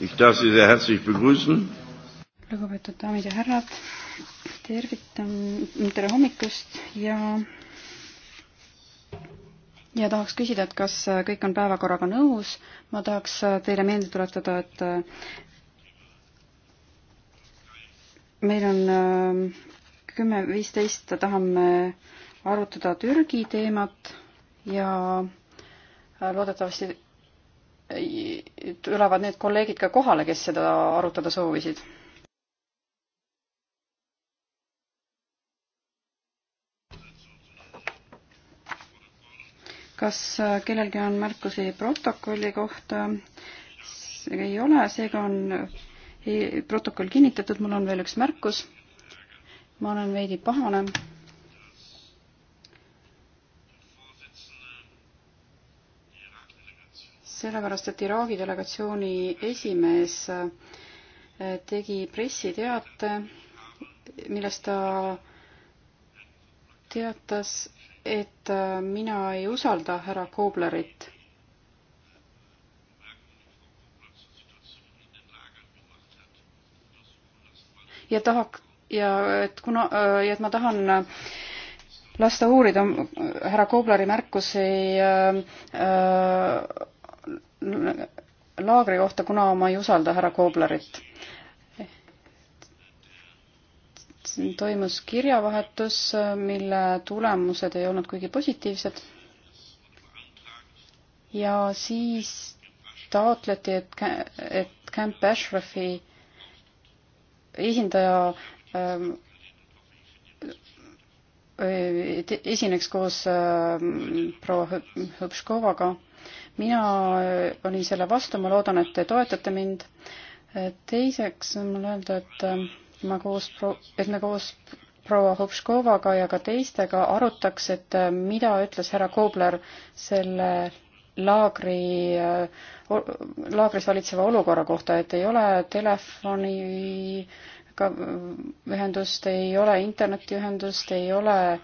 Ich darf Sie sehr herzlich begrüßen. lugupeetud daamid ja härrad, tervitan, tere hommikust ja ja tahaks küsida, et kas kõik on päevakorraga nõus. ma tahaks teile meelde tuletada, et meil on äh, kümme, viisteist tahame arutada Türgi teemat ja äh, loodetavasti tulevad äh, need kolleegid ka kohale, kes seda arutada soovisid? kas äh, kellelgi on märkusi protokolli kohta? ei ole, seega on äh, protokoll kinnitatud, mul on veel üks märkus. ma olen veidi pahane sellepärast, et Iraagi delegatsiooni esimees äh, tegi pressiteate, milles ta teatas, et äh, mina ei usalda härra Koblerit ja tahak- ja et kuna äh, ja et ma tahan lasta uurida härra Kobleri märkusi äh, äh, laagri kohta, kuna ma ei usalda härra Kooblerit. toimus kirjavahetus, mille tulemused ei olnud kuigi positiivsed. ja siis taotleti, et, et Camp Ashrafi esindaja ähm, äh, esineks koos ähm, proua Hõpškovaga mina olin selle vastu, ma loodan, et te toetate mind. teiseks on mul öelda, et äh, ma koos, et me koos proua Hopškovaga ja ka teistega arutaks, et äh, mida ütles härra Koobler selle laagri, äh, laagris valitseva olukorra kohta, et ei ole telefoni ka ühendust, ei ole internetiühendust, ei ole äh,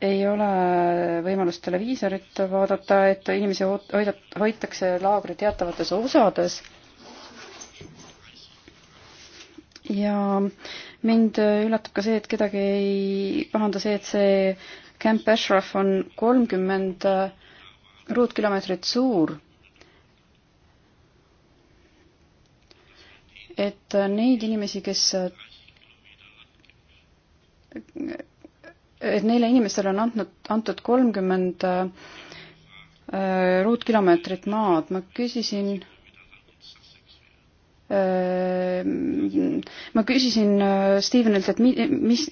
ei ole võimalust televiisorit vaadata, et inimesi hoitakse laagri teatavates osades. ja mind üllatab ka see, et kedagi ei pahanda see, et see Camp Ashraf on kolmkümmend äh, ruutkilomeetrit suur. et äh, neid inimesi, kes äh, et neile inimestele on andnud, antud kolmkümmend äh, äh, ruutkilomeetrit maad, ma küsisin äh, ma küsisin Stevenilt, et mi-, mis,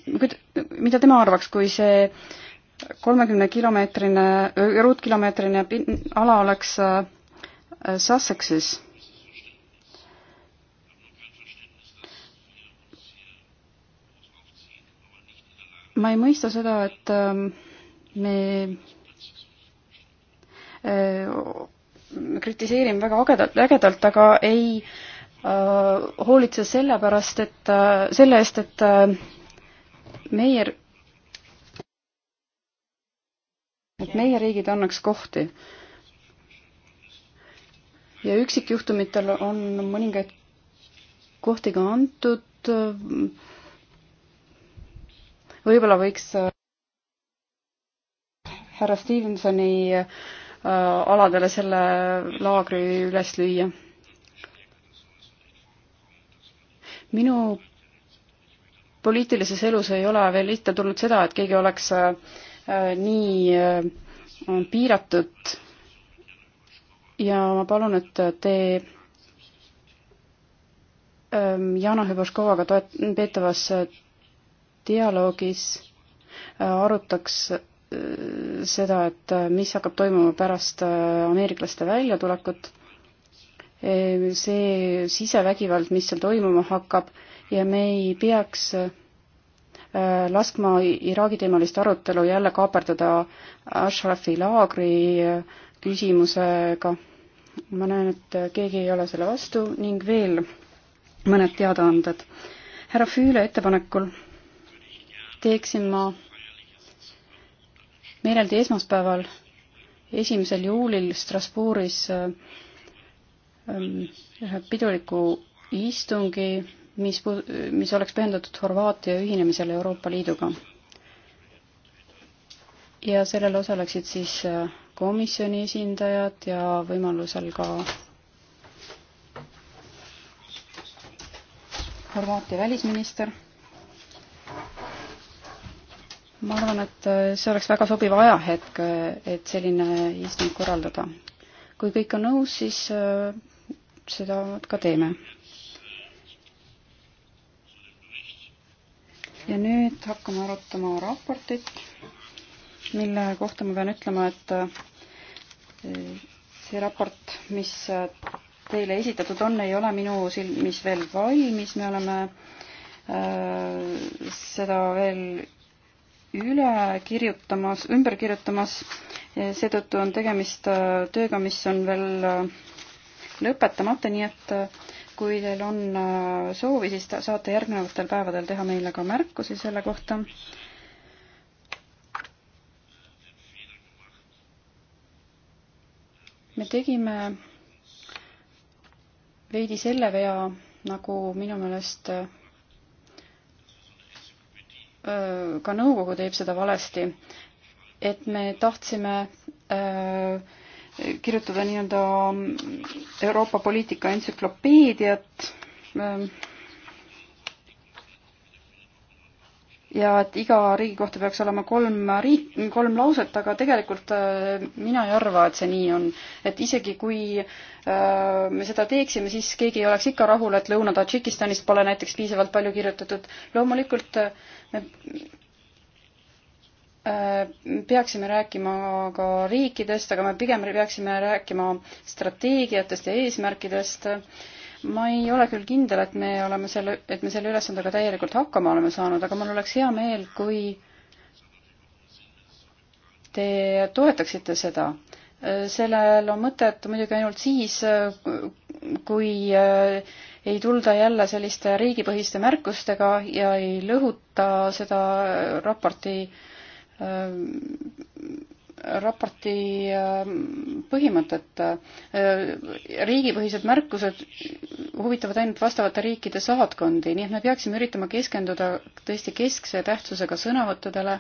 mida tema arvaks, kui see kolmekümne kilomeetrine, ruutkilomeetrine ala oleks Sussexis ma ei mõista seda, et ähm, me äh, kritiseerime väga agedalt, ägedalt, aga ei äh, hoolitse selle pärast, et, äh, selle eest, et meie, et meie riigid annaks kohti. ja üksikjuhtumitel on mõningaid kohti ka antud võib-olla võiks äh, härra Stevensoni äh, aladele selle laagri üles lüüa. minu poliitilises elus ei ole veel ette tulnud seda, et keegi oleks äh, nii piiratud ja ma palun, et te ähm, Jana Hübaškovaga toet-, peetavas dialoogis äh, arutaks äh, seda, et äh, mis hakkab toimuma pärast ameeriklaste väljatulekut, see sisevägivald, mis seal toimuma hakkab ja me ei peaks laskma Iraagi teemalist arutelu jälle kaaperdada Ashrafi laagri küsimusega. ma näen, et keegi ei ole selle vastu ning veel mõned teadaanded. härra Füüle ettepanekul teeksin ma meeleldi esmaspäeval, esimesel juulil Strasbourgis ähm, ühe piduliku istungi, mis, mis oleks pühendatud Horvaatia ühinemisele Euroopa Liiduga. ja sellel osaleksid siis äh, komisjoni esindajad ja võimalusel ka Horvaatia välisminister ma arvan, et äh, see oleks väga sobiv ajahetk, äh, et selline istung korraldada. kui kõik on nõus, siis äh, seda ka teeme. ja nüüd hakkame arutama raportit, mille kohta ma pean ütlema, et see raport, mis teile esitatud on, ei ole minu silmis veel valmis, me oleme seda veel üle kirjutamas, ümber kirjutamas, seetõttu on tegemist äh, tööga, mis on veel äh, lõpetamata, nii et äh, kui teil on soovi, siis saate järgnevatel päevadel teha meile ka märkusi selle kohta. me tegime veidi selle vea, nagu minu meelest ka nõukogu teeb seda valesti, et me tahtsime kirjutada nii-öelda Euroopa poliitika entsüklopeediat ja et iga riigi kohta peaks olema kolm riik, kolm lauset, aga tegelikult äh, mina ei arva, et see nii on. et isegi kui äh, me seda teeksime, siis keegi ei oleks ikka rahul, et Lõuna-Tadžikistanist pole näiteks piisavalt palju kirjutatud. loomulikult äh, me peaksime rääkima ka riikidest, aga me pigem peaksime rääkima strateegiatest ja eesmärkidest ma ei ole küll kindel, et me oleme selle, et me selle ülesandega täielikult hakkama oleme saanud, aga mul oleks hea meel, kui te toetaksite seda. sellel on mõtet muidugi ainult siis, kui eh, ei tulda jälle selliste riigipõhiste märkustega ja ei lõhuta seda raporti eh, raporti ähm, põhimõtet. Äh, riigipõhised märkused huvitavad ainult vastavate riikide saatkondi, nii et me peaksime üritama keskenduda tõesti keskse tähtsusega sõnavõttudele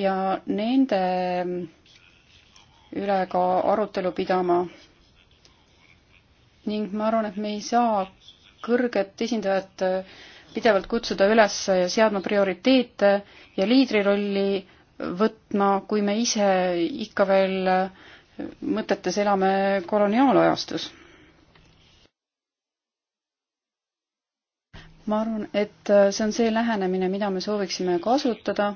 ja nende üle ka arutelu pidama. ning ma arvan, et me ei saa kõrget esindajat pidevalt kutsuda üles seadma prioriteete ja liidrirolli võtma, kui me ise ikka veel mõtetes elame koloniaalajastus. ma arvan, et see on see lähenemine, mida me sooviksime kasutada.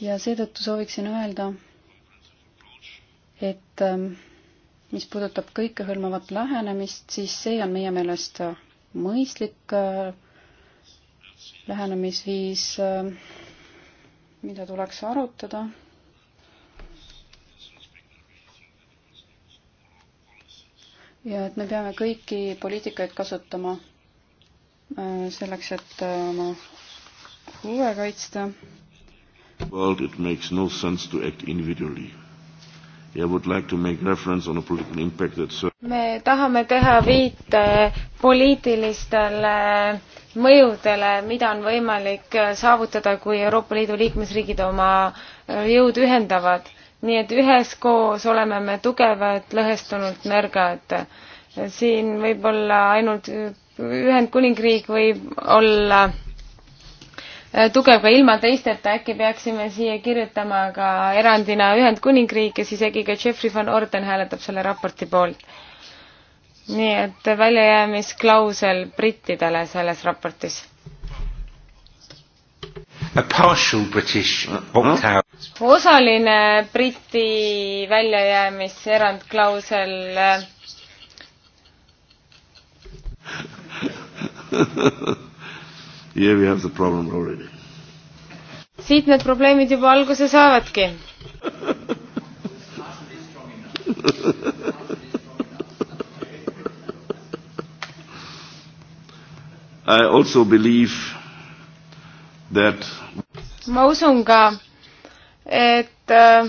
ja seetõttu sooviksin öelda, et ähm, mis puudutab kõikehõlmavat lähenemist, siis see on meie meelest mõistlik äh, lähenemisviis äh, mida tuleks arutada. ja et me peame kõiki poliitikaid kasutama äh, selleks, et äh, oma huve kaitsta. World it makes no sense to act individually me tahame teha viite poliitilistele mõjudele, mida on võimalik saavutada, kui Euroopa Liidu liikmesriigid oma jõud ühendavad. nii et üheskoos oleme me tugevad, lõhestunult nõrgad. siin võib olla ainult Ühendkuningriik võib olla Äh, tugev ka ilma teisteta, äkki peaksime siia kirjutama ka erandina Ühendkuningriik ja siis äkki ka Jeffrey van Orden hääletab selle raporti poolt. nii et väljajäämisklausel brittidele selles raportis. osaline Briti väljajäämiserandklausel äh, Here we have the problem already. siit need probleemid juba alguse saavadki I also believe that ma usun ka, et äh,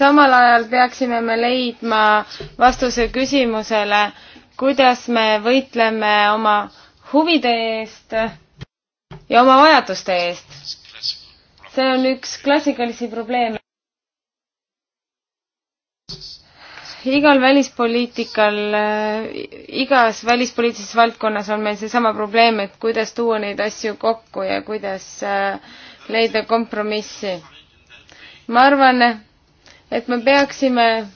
samal ajal peaksime me leidma vastuse küsimusele, kuidas me võitleme oma huvide eest äh, ja oma vajaduste eest. see on üks klassikalisi probleeme. igal välispoliitikal, äh, igas välispoliitilises valdkonnas on meil seesama probleem, et kuidas tuua neid asju kokku ja kuidas äh, leida kompromissi. ma arvan, et me peaksime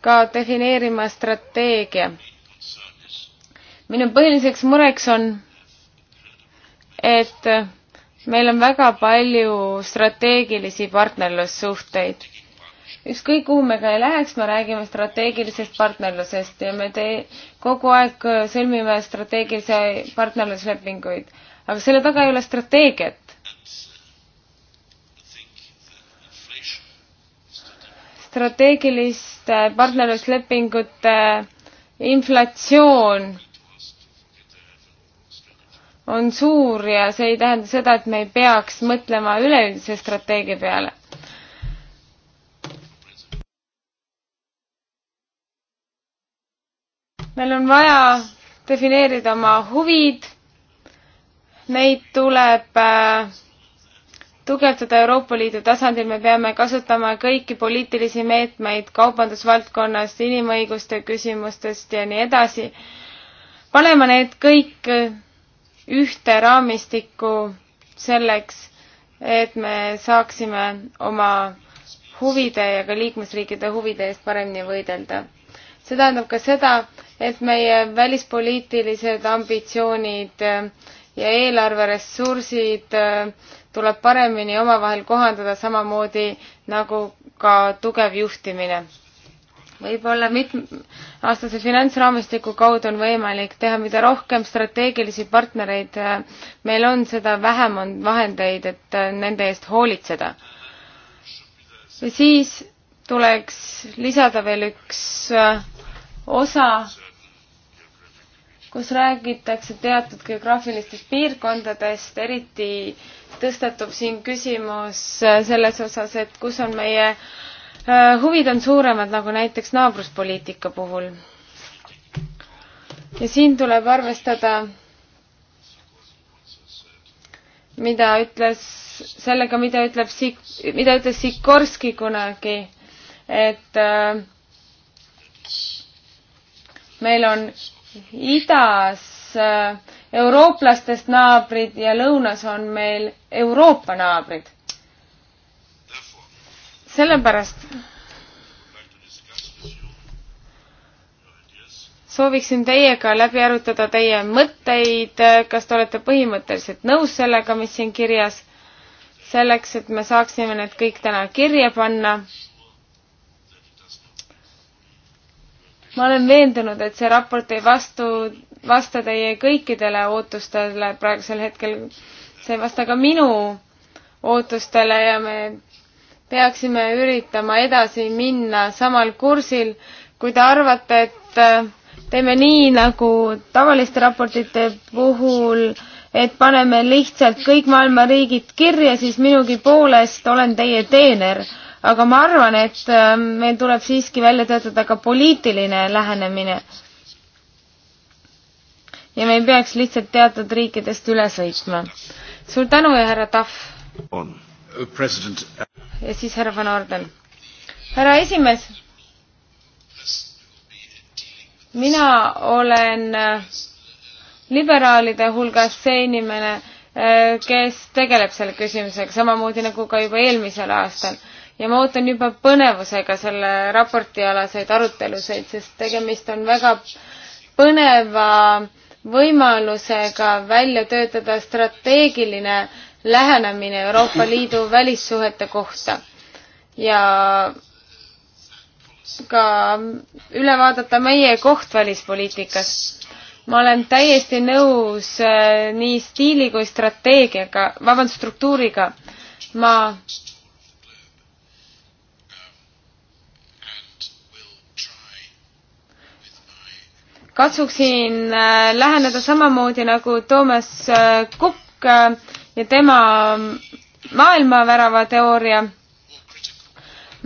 ka defineerima strateegia. minu põhiliseks mureks on et meil on väga palju strateegilisi partnerlussuhteid. ükskõik kuhu me ka ei läheks, me räägime strateegilisest partnerlusest ja me tee-, kogu aeg sõlmime strateegilisi partnerluslepinguid. aga selle taga ei ole strateegiat. strateegiliste partnerluslepingute inflatsioon on suur ja see ei tähenda seda, et me ei peaks mõtlema üleüldise strateegia peale. meil on vaja defineerida oma huvid, neid tuleb äh, tugevdada Euroopa Liidu tasandil, me peame kasutama kõiki poliitilisi meetmeid kaubandusvaldkonnast, inimõiguste küsimustest ja nii edasi, panema need kõik ühte raamistikku selleks, et me saaksime oma huvide ja ka liikmesriikide huvide eest paremini võidelda. see tähendab ka seda, et meie välispoliitilised ambitsioonid ja eelarveressursid tuleb paremini omavahel kohandada, samamoodi nagu ka tugev juhtimine võib-olla mitmeaastase finantsraamistiku kaudu on võimalik teha, mida rohkem strateegilisi partnereid meil on, seda vähem on vahendeid, et äh, nende eest hoolitseda. ja siis tuleks lisada veel üks äh, osa, kus räägitakse teatud geograafilistest piirkondadest, eriti tõstatub siin küsimus äh, selles osas, et kus on meie äh, Äh, huvid on suuremad, nagu näiteks naabruspoliitika puhul. ja siin tuleb arvestada, mida ütles, sellega, mida ütleb Sik-, mida ütles Sikorski kunagi, et äh, meil on idas äh, eurooplastest naabrid ja lõunas on meil Euroopa naabrid sellepärast sooviksin teiega läbi arutada teie mõtteid, kas te olete põhimõtteliselt nõus sellega, mis siin kirjas, selleks, et me saaksime need kõik täna kirja panna. ma olen veendunud, et see raport ei vastu, vasta teie kõikidele ootustele praegusel hetkel. see ei vasta ka minu ootustele ja me peaksime üritama edasi minna samal kursil. kui te arvate, et äh, teeme nii nagu tavaliste raportite puhul, et paneme lihtsalt kõik maailma riigid kirja, siis minugi poolest olen teie teener. aga ma arvan, et äh, meil tuleb siiski välja töötada ka poliitiline lähenemine. ja me ei peaks lihtsalt teatud riikidest üle sõitma. suur tänu ja härra Tahv! president ja siis härra Van Orden. härra esimees, mina olen äh, liberaalide hulgas see inimene, äh, kes tegeleb selle küsimusega, samamoodi nagu ka juba eelmisel aastal. ja ma ootan juba põnevusega selle raporti alaseid arutelusid, sest tegemist on väga põneva võimalusega välja töötada strateegiline lähenemine Euroopa Liidu välissuhete kohta ja ka üle vaadata meie koht välispoliitikas. ma olen täiesti nõus äh, nii stiili kui strateegiaga, vabandust, struktuuriga. ma katsuksin äh, läheneda samamoodi nagu Toomas äh, Kukk ja tema maailmavärava teooria.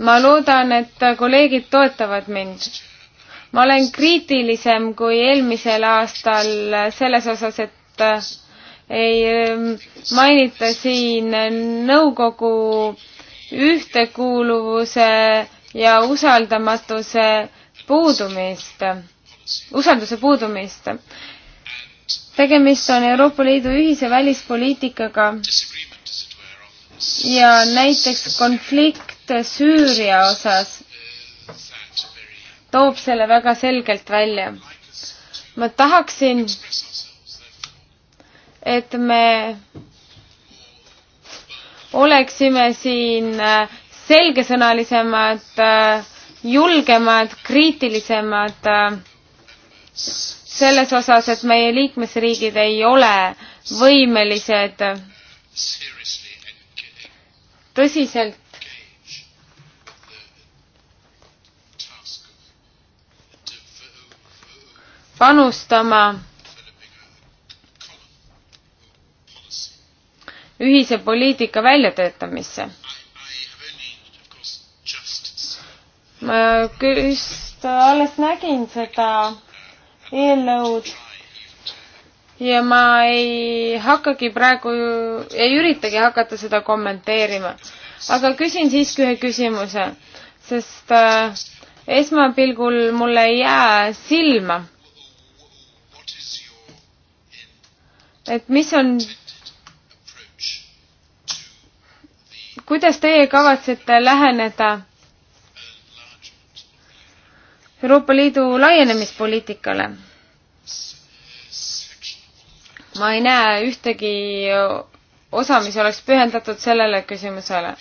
ma loodan, et kolleegid toetavad mind. ma olen kriitilisem kui eelmisel aastal selles osas, et äh, ei ähm, mainita siin nõukogu ühtekuuluvuse ja usaldamatuse puudumist, usalduse puudumist tegemist on Euroopa Liidu ühise välispoliitikaga ja näiteks konflikt Süüria osas toob selle väga selgelt välja. ma tahaksin, et me oleksime siin äh, selgesõnalisemad, äh, julgemad, kriitilisemad äh, selles osas, et meie liikmesriigid ei ole võimelised tõsiselt panustama ühise poliitika väljatöötamisse. ma just alles nägin seda eelnõud ja ma ei hakkagi praegu, ei üritagi hakata seda kommenteerima. aga küsin siiski ühe küsimuse, sest äh, esmapilgul mulle ei jää silma. et mis on, kuidas teie kavatsete läheneda Euroopa Liidu laienemispoliitikale. ma ei näe ühtegi osa, mis oleks pühendatud sellele küsimusele.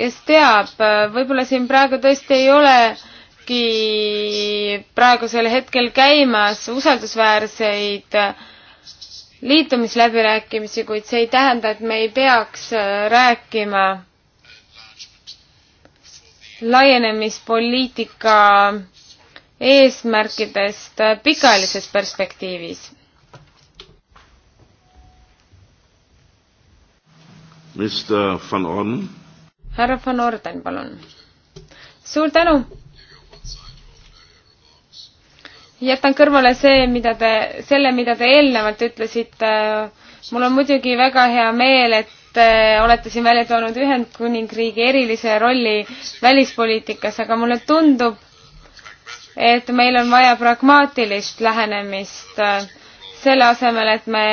kes teab, võib-olla siin praegu tõesti ei olegi praegusel hetkel käimas usaldusväärseid äh, liitumisläbirääkimisi, kuid see ei tähenda, et me ei peaks äh, rääkima laienemispoliitika eesmärkidest äh, pikaajalises perspektiivis. härra Van Orden, palun. suur tänu jätan kõrvale see, mida te, selle, mida te eelnevalt ütlesite. mul on muidugi väga hea meel, et te äh, olete siin välja toonud Ühendkuningriigi erilise rolli välispoliitikas, aga mulle tundub, et meil on vaja pragmaatilist lähenemist äh, selle asemel, et me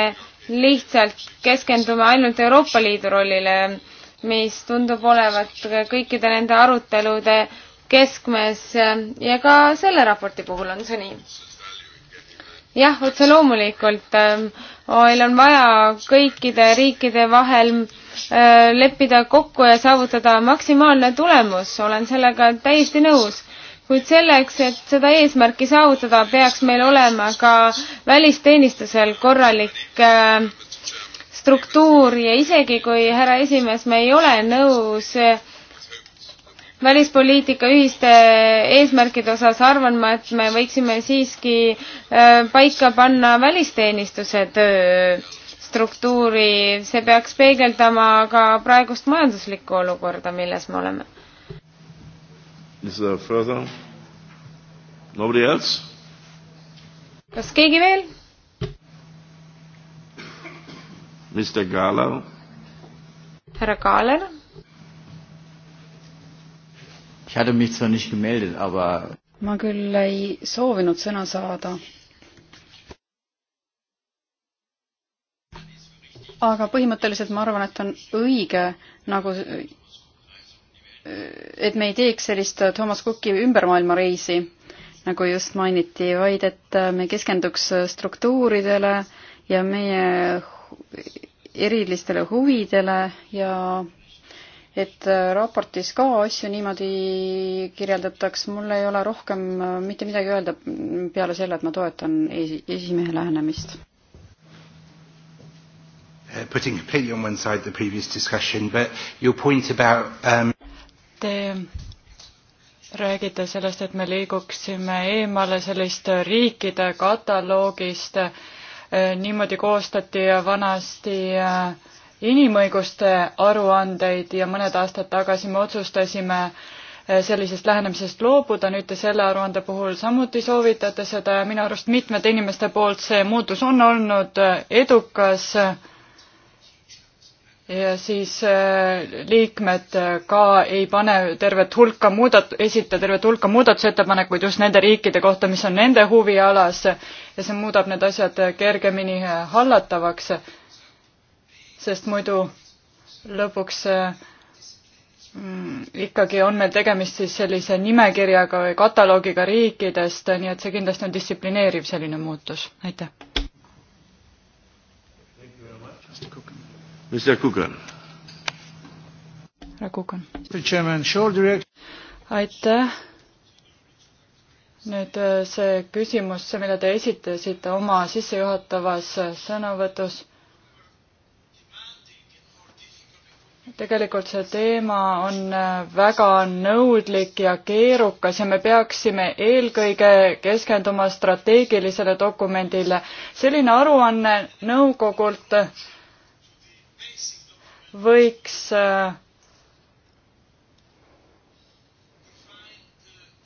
lihtsalt keskendume ainult Euroopa Liidu rollile, mis tundub olevat kõikide nende arutelude keskmes ja ka selle raporti puhul on see nii. jah, otse loomulikult meil ähm, on vaja kõikide riikide vahel äh, leppida kokku ja saavutada maksimaalne tulemus, olen sellega täiesti nõus kuid selleks, et seda eesmärki saavutada, peaks meil olema ka välisteenistusel korralik äh, struktuur ja isegi kui härra esimees, me ei ole nõus äh, välispoliitika ühiste eesmärkide osas arvan ma, et me võiksime siiski äh, paika panna välisteenistuse töö struktuuri, see peaks peegeldama ka praegust majanduslikku olukorda, milles me oleme. kas keegi veel? härra Kaaler ma küll ei soovinud sõna saada. aga põhimõtteliselt ma arvan, et on õige nagu, et me ei teeks sellist Thomas Cooki ümbermaailmareisi, nagu just mainiti, vaid et me keskenduks struktuuridele ja meie erilistele huvidele ja et äh, raportis ka asju niimoodi kirjeldataks, mul ei ole rohkem äh, mitte midagi öelda peale selle, et ma toetan esi-, esimehe lähenemist. Uh, putting completely on one side the previous discussion, but your point about um... Te räägite sellest, et me liiguksime eemale sellist riikide kataloogist, äh, niimoodi koostati vanasti äh, inimõiguste aruandeid ja mõned aastad tagasi me otsustasime eh, sellisest lähenemisest loobuda, nüüd te selle aruande puhul samuti soovitate seda ja minu arust mitmete inimeste poolt see muutus on olnud eh, edukas. ja siis eh, liikmed ka ei pane tervet hulka muudat-, esita tervet hulka muudatusettepanekuid just nende riikide kohta, mis on nende huvialas ja see muudab need asjad kergemini hallatavaks sest muidu lõpuks äh, mm, ikkagi on meil tegemist siis sellise nimekirjaga või kataloogiga riikidest, nii et see kindlasti on distsiplineeriv selline muutus, aitäh. härra Kukan. aitäh. nüüd äh, see küsimus, see, mida te esitasite oma sissejuhatavas äh, sõnavõtus tegelikult see teema on äh, väga nõudlik ja keerukas ja me peaksime eelkõige keskenduma strateegilisele dokumendile. selline aruanne nõukogult võiks äh,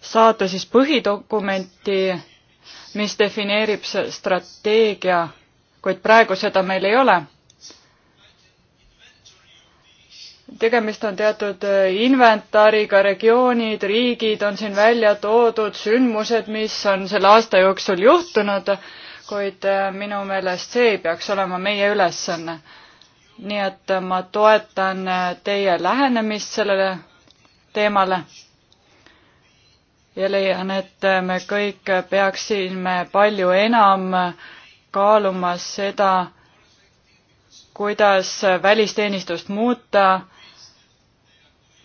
saata siis põhidokumenti, mis defineerib strateegia, kuid praegu seda meil ei ole tegemist on teatud äh, inventariga, regioonid, riigid on siin välja toodud, sündmused, mis on selle aasta jooksul juhtunud, kuid äh, minu meelest see ei peaks olema meie ülesanne. nii et äh, ma toetan teie lähenemist sellele teemale ja leian, et me kõik peaksime palju enam kaaluma seda, kuidas välisteenistust muuta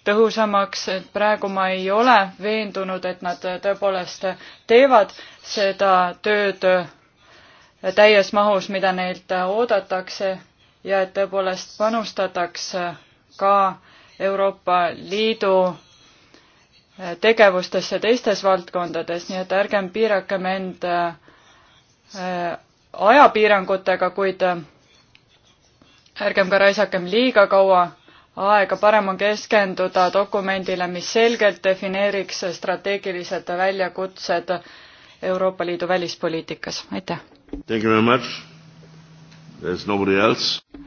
tõhusamaks, et praegu ma ei ole veendunud, et nad tõepoolest teevad seda tööd täies mahus, mida neilt oodatakse ja et tõepoolest panustatakse ka Euroopa Liidu tegevustesse teistes valdkondades, nii et ärgem piirakem end äh, ajapiirangutega, kuid äh, ärgem ka raisakem liiga kaua aega, parem on keskenduda dokumendile, mis selgelt defineeriks strateegilised väljakutsed Euroopa Liidu välispoliitikas, aitäh!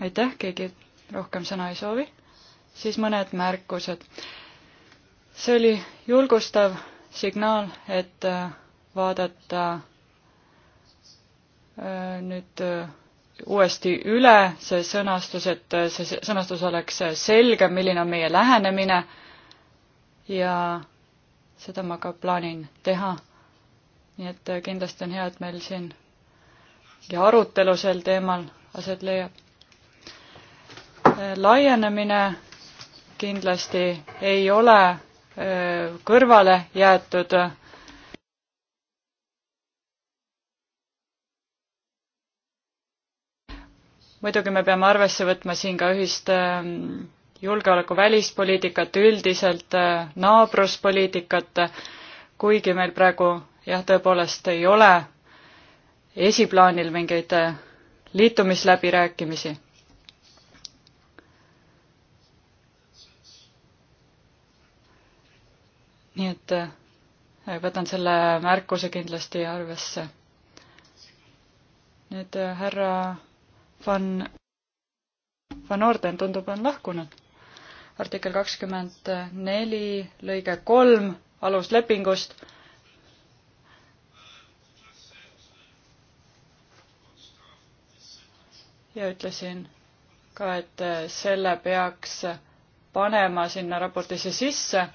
aitäh, keegi rohkem sõna ei soovi? siis mõned märkused. see oli julgustav signaal, et äh, vaadata äh, nüüd äh, uuesti üle see sõnastus, et see sõnastus oleks selgem, milline on meie lähenemine ja seda ma ka plaanin teha. nii et kindlasti on hea, et meil siin ja arutelu sel teemal aset leiab. laienemine kindlasti ei ole äh, kõrvale jäetud muidugi me peame arvesse võtma siin ka ühist ähm, julgeoleku välispoliitikat, üldiselt äh, naabruspoliitikat, kuigi meil praegu jah, tõepoolest ei ole esiplaanil mingeid äh, liitumisläbirääkimisi. nii et äh, võtan selle märkuse kindlasti arvesse. nüüd härra Van, Van Orden tundub, on lahkunud. artikkel kakskümmend neli lõige kolm aluslepingust. ja ütlesin ka, et selle peaks panema sinna raportisse sisse.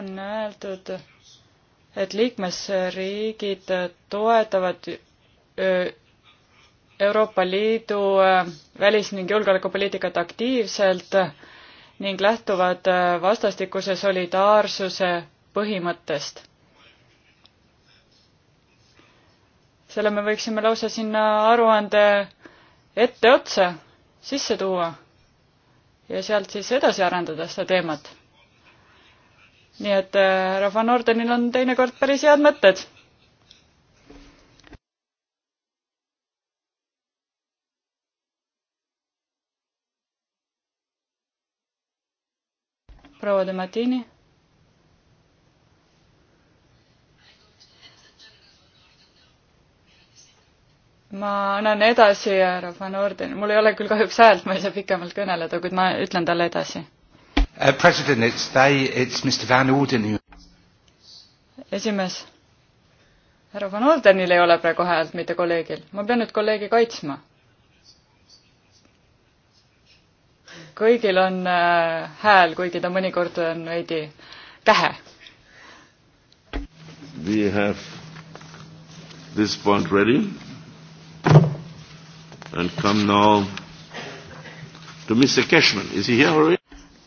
on öeldud, et liikmesriigid toetavad Euroopa Liidu äh, välis- ning julgeolekupoliitikat aktiivselt ning lähtuvad äh, vastastikuse solidaarsuse põhimõttest. selle me võiksime lausa sinna aruande etteotsa sisse tuua ja sealt siis edasi arendada seda teemat. nii et äh, härra Van Ordenil on teinekord päris head mõtted proua De Martini. ma annan edasi härra Van Ordeni, mul ei ole küll kahjuks häält, ma ei saa pikemalt kõneleda, kuid ma ütlen talle edasi uh,. president, it's they, it's Mr Van Ordeni. esimees, härra Van Ordenil ei ole praegu häält, mitte kolleegil, ma pean nüüd kolleegi kaitsma kõigil on äh, hääl, kuigi ta mõnikord on veidi kähe. We have this point ready and come now to Mr Cashman, is he here already?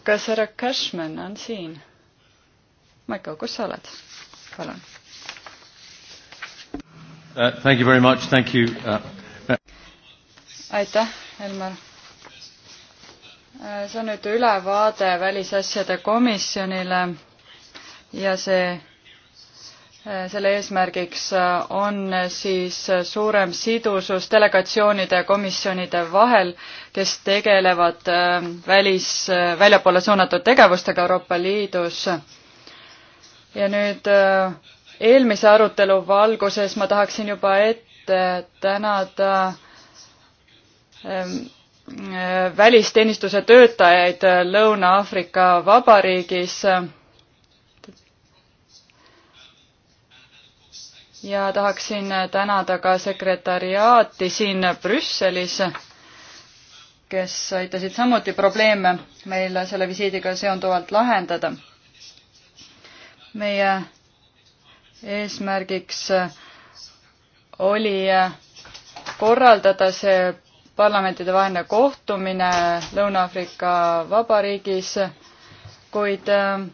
kas härra Cashman on siin? Maiko, kus sa oled? palun uh,. Thank you very much, thank you uh.... uh aitäh, Elmar Äh, see on nüüd ülevaade Välisasjade komisjonile ja see, äh, selle eesmärgiks äh, on siis suurem sidusus delegatsioonide ja komisjonide vahel, kes tegelevad välis, väljapoole suunatud tegevustega Euroopa Liidus. ja nüüd eelmise arutelu valguses ma tahaksin juba ette tänada ähm, välisteenistuse töötajaid Lõuna-Aafrika Vabariigis. ja tahaksin tänada ka sekretariaati siin Brüsselis, kes aitasid samuti probleeme meil selle visiidiga seonduvalt lahendada. meie eesmärgiks oli korraldada see parlamentidevaheline kohtumine Lõuna-Aafrika Vabariigis, kuid äh,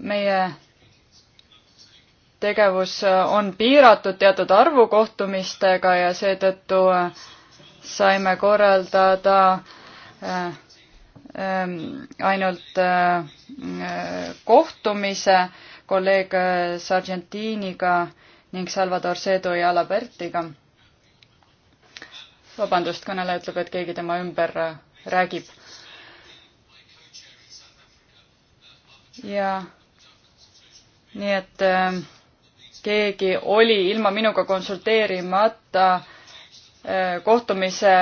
meie tegevus on piiratud teatud arvu kohtumistega ja seetõttu äh, saime korraldada äh, ähm, ainult kohtumise kolleeg Sargentiniga ning Salvador Seedo ja Alabertiga vabandust, kõneleja ütleb, et keegi tema ümber äh, räägib. ja nii et äh, keegi oli ilma minuga konsulteerimata äh, kohtumise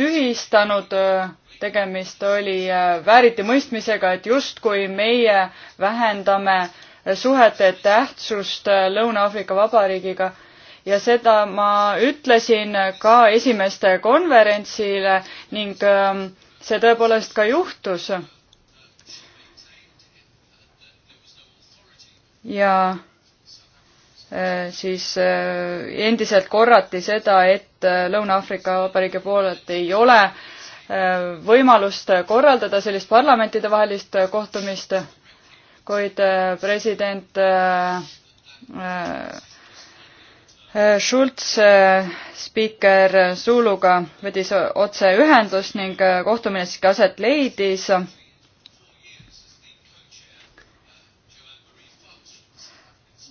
tühistanud äh,, tegemist oli äh, vääritimõistmisega, et justkui meie vähendame äh, suhete tähtsust Lõuna-Aafrika Vabariigiga ja seda ma ütlesin ka esimeste konverentsile ning ähm, see tõepoolest ka juhtus. ja äh, siis äh, endiselt korrati seda, et äh, Lõuna-Aafrika Vabariigi poolelt ei ole võimalust korraldada sellist parlamentidevahelist kohtumist, kuid president Äh, Schulz, äh, spiiker Zuluga võttis otse ühendust ning äh, kohtumine siiski aset leidis.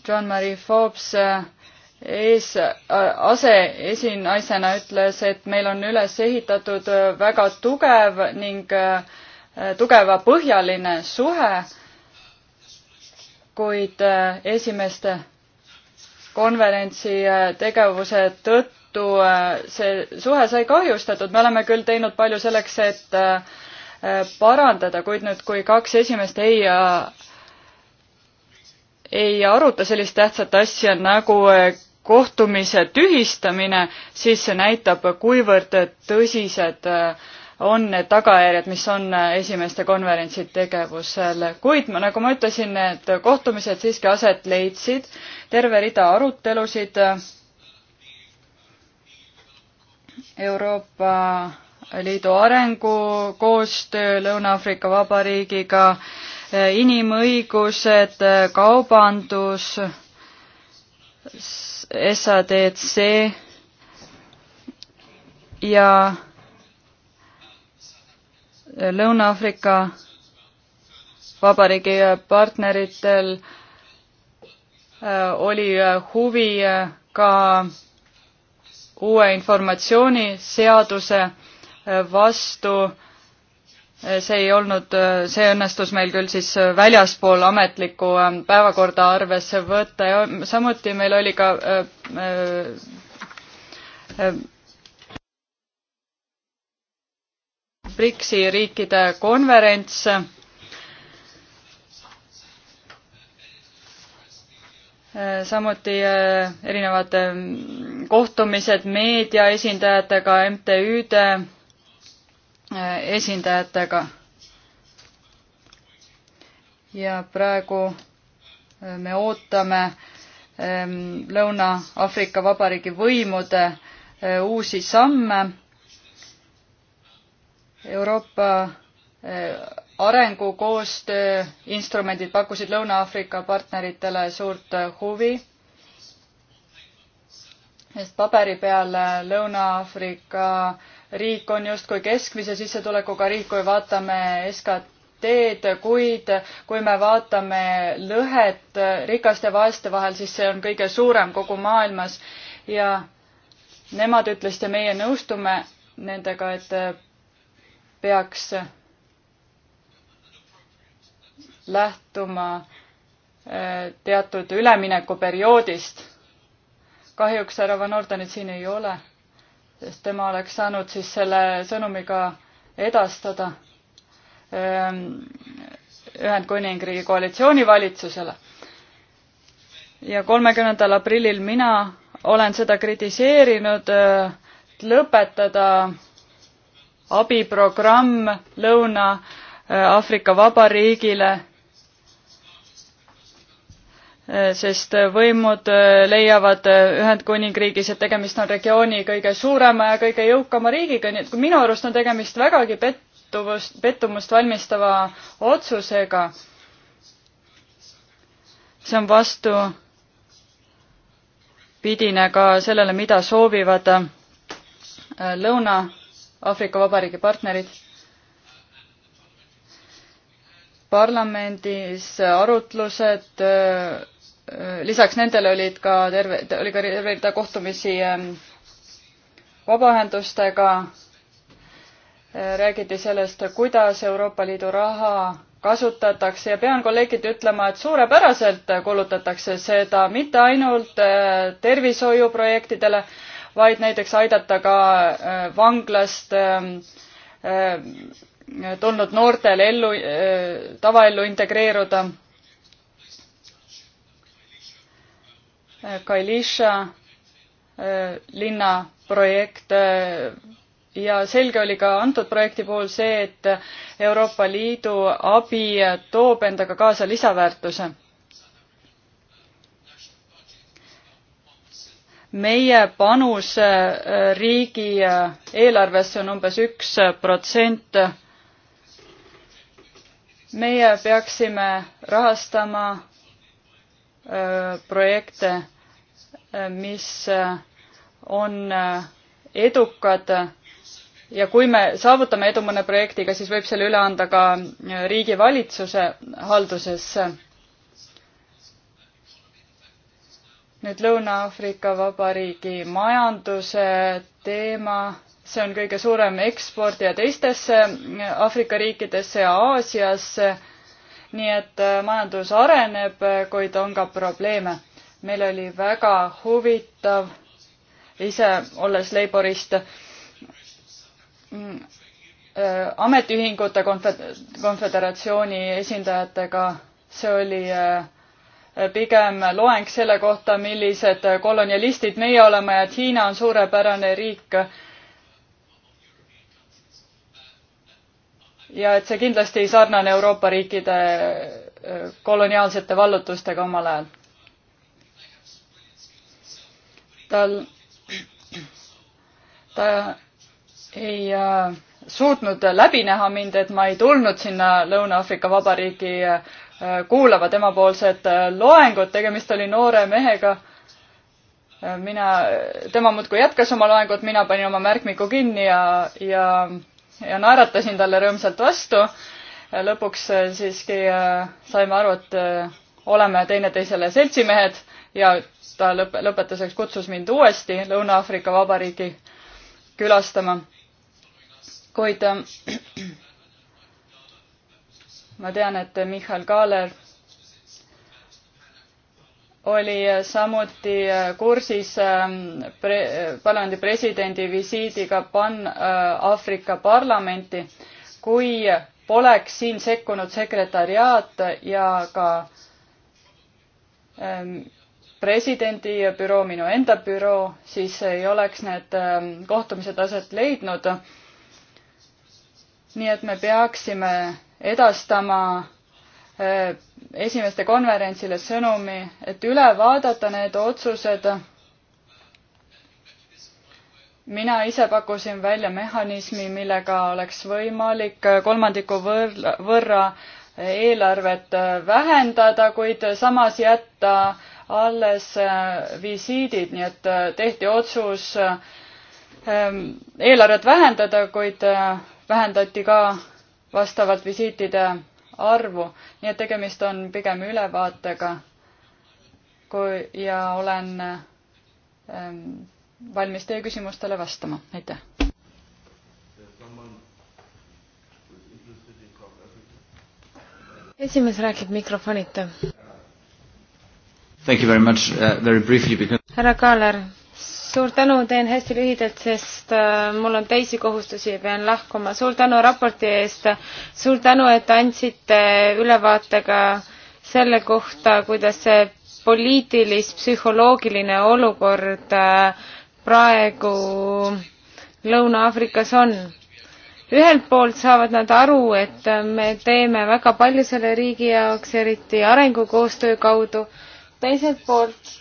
John-Marie Forbes ees, aseesinaisena ütles, et meil on üles ehitatud väga tugev ning tugeva põhjaline suhe, kuid esimeste konverentsi äh, tegevuse tõttu äh, see suhe sai kahjustatud, me oleme küll teinud palju selleks, et äh, parandada, kuid nüüd, kui kaks esimest ei ei aruta sellist tähtsat asja nagu kohtumise tühistamine, siis see näitab, kuivõrd tõsised äh, on need tagajärjed, mis on äh, esimeste konverentsi tegevusel, kuid ma, nagu ma ütlesin, need kohtumised siiski aset leidsid, terve rida arutelusid äh, Euroopa Liidu arengukoostöö Lõuna-Aafrika Vabariigiga, äh, inimõigused, kaubandus, SADC ja Lõuna-Aafrika Vabariigi partneritel äh, oli äh, huvi äh, ka uue informatsiooniseaduse vastu. see ei olnud, see õnnestus meil küll siis väljaspool ametlikku päevakorda arvesse võtta ja samuti meil oli ka BRICS-i riikide konverents. samuti eh, erinevad eh, kohtumised meedia esindajatega, MTÜ-de eh, esindajatega. ja praegu me ootame Lõuna-Aafrika Vabariigi võimude uusi samme Euroopa eh, arengukoostöö instrumendid pakkusid Lõuna-Aafrika partneritele suurt eh, huvi, sest paberi peal eh, Lõuna-Aafrika riik on justkui keskmise sissetulekuga riik, kui vaatame SKT-d, kuid kui me vaatame lõhet rikaste ja vaeste vahel, siis see on kõige suurem kogu maailmas ja nemad ütlesid ja meie nõustume nendega, et peaks lähtuma äh, teatud üleminekuperioodist. kahjuks härra Van Ordenit siin ei ole, sest tema oleks saanud siis selle sõnumiga edastada ähm, Ühendkuningriigi koalitsioonivalitsusele. ja kolmekümnendal aprillil mina olen seda kritiseerinud, et äh, lõpetada abiprogramm Lõuna-Aafrika Vabariigile, sest võimud leiavad Ühendkuningriigis, et tegemist on regiooni kõige suurema ja kõige jõukama riigiga, nii et minu arust on tegemist vägagi pettuvust, pettumust valmistava otsusega. see on vastupidine ka sellele, mida soovivad Lõuna Aafrika Vabariigi partnerid. parlamendis arutlused, äh, lisaks nendele olid ka terve, oli ka terve rida kohtumisi ähm, vabaühendustega, äh, räägiti sellest, kuidas Euroopa Liidu raha kasutatakse ja pean kolleegid ütlema, et suurepäraselt kulutatakse seda mitte ainult äh, tervishoiuprojektidele, vaid näiteks aidata ka äh, vanglast ähm, äh, tulnud noortel ellu, äh, tavaellu integreeruda. Kailisha linna projekt ja selge oli ka antud projekti puhul see, et Euroopa Liidu abi toob endaga kaasa lisaväärtuse meie panus äh, riigi äh, eelarvesse on umbes üks äh, protsent. meie peaksime rahastama projekte, mis on edukad ja kui me saavutame edu mõne projektiga, siis võib selle üle anda ka riigivalitsuse haldusesse nüüd Lõuna-Aafrika Vabariigi majanduse teema, see on kõige suurem ekspordija teistesse Aafrika riikidesse ja Aasiasse. nii et äh, majandus areneb, kuid on ka probleeme. meil oli väga huvitav, ise olles leiborist, mm, äh, ametiühingute konföderatsiooni esindajatega, see oli äh, pigem loeng selle kohta, millised kolonialistid meie oleme ja et Hiina on suurepärane riik. ja et see kindlasti ei sarnane Euroopa riikide äh, koloniaalsete vallutustega omal ajal. tal, ta ei äh, suutnud läbi näha mind, et ma ei tulnud sinna Lõuna-Aafrika Vabariigi äh, kuulama temapoolset äh, loengut, tegemist oli noore mehega. Äh, mina, tema muudkui jätkas oma loengut, mina panin oma märkmiku kinni ja, ja, ja naeratasin talle rõõmsalt vastu. lõpuks siiski saime aru, et oleme teineteisele seltsimehed ja ta lõp-, lõpetuseks kutsus mind uuesti Lõuna-Aafrika Vabariigi külastama kuid äh, ma tean, et Michal Kaaler oli samuti äh, kursis ähm, pre-, parlamendi presidendi visiidiga Pan-, äh, Aafrika parlamenti. kui poleks siin sekkunud sekretariaat ja ka ähm, presidendi büroo, minu enda büroo, siis ei oleks need ähm, kohtumised aset leidnud nii et me peaksime edastama eh, esimeste konverentsile sõnumi, et üle vaadata need otsused. mina ise pakkusin välja mehhanismi, millega oleks võimalik kolmandiku võrra, võrra eelarvet vähendada, kuid samas jätta alles eh, visiidid, nii et eh, tehti otsus eelarvet vähendada, kuid vähendati ka vastavalt visiitide arvu, nii et tegemist on pigem ülevaatega kui, ja olen ähm, valmis teie küsimustele vastama, aitäh. esimees räägib mikrofonita. Uh, härra Kaaler suur tänu, teen hästi lühidalt, sest äh, mul on teisi kohustusi ja pean lahkuma. suur tänu raporti eest, suur tänu, et andsite ülevaate ka selle kohta, kuidas see poliitilis-psühholoogiline olukord äh, praegu Lõuna-Aafrikas on. ühelt poolt saavad nad aru, et me teeme väga palju selle riigi jaoks, eriti arengukoostöö kaudu, teiselt poolt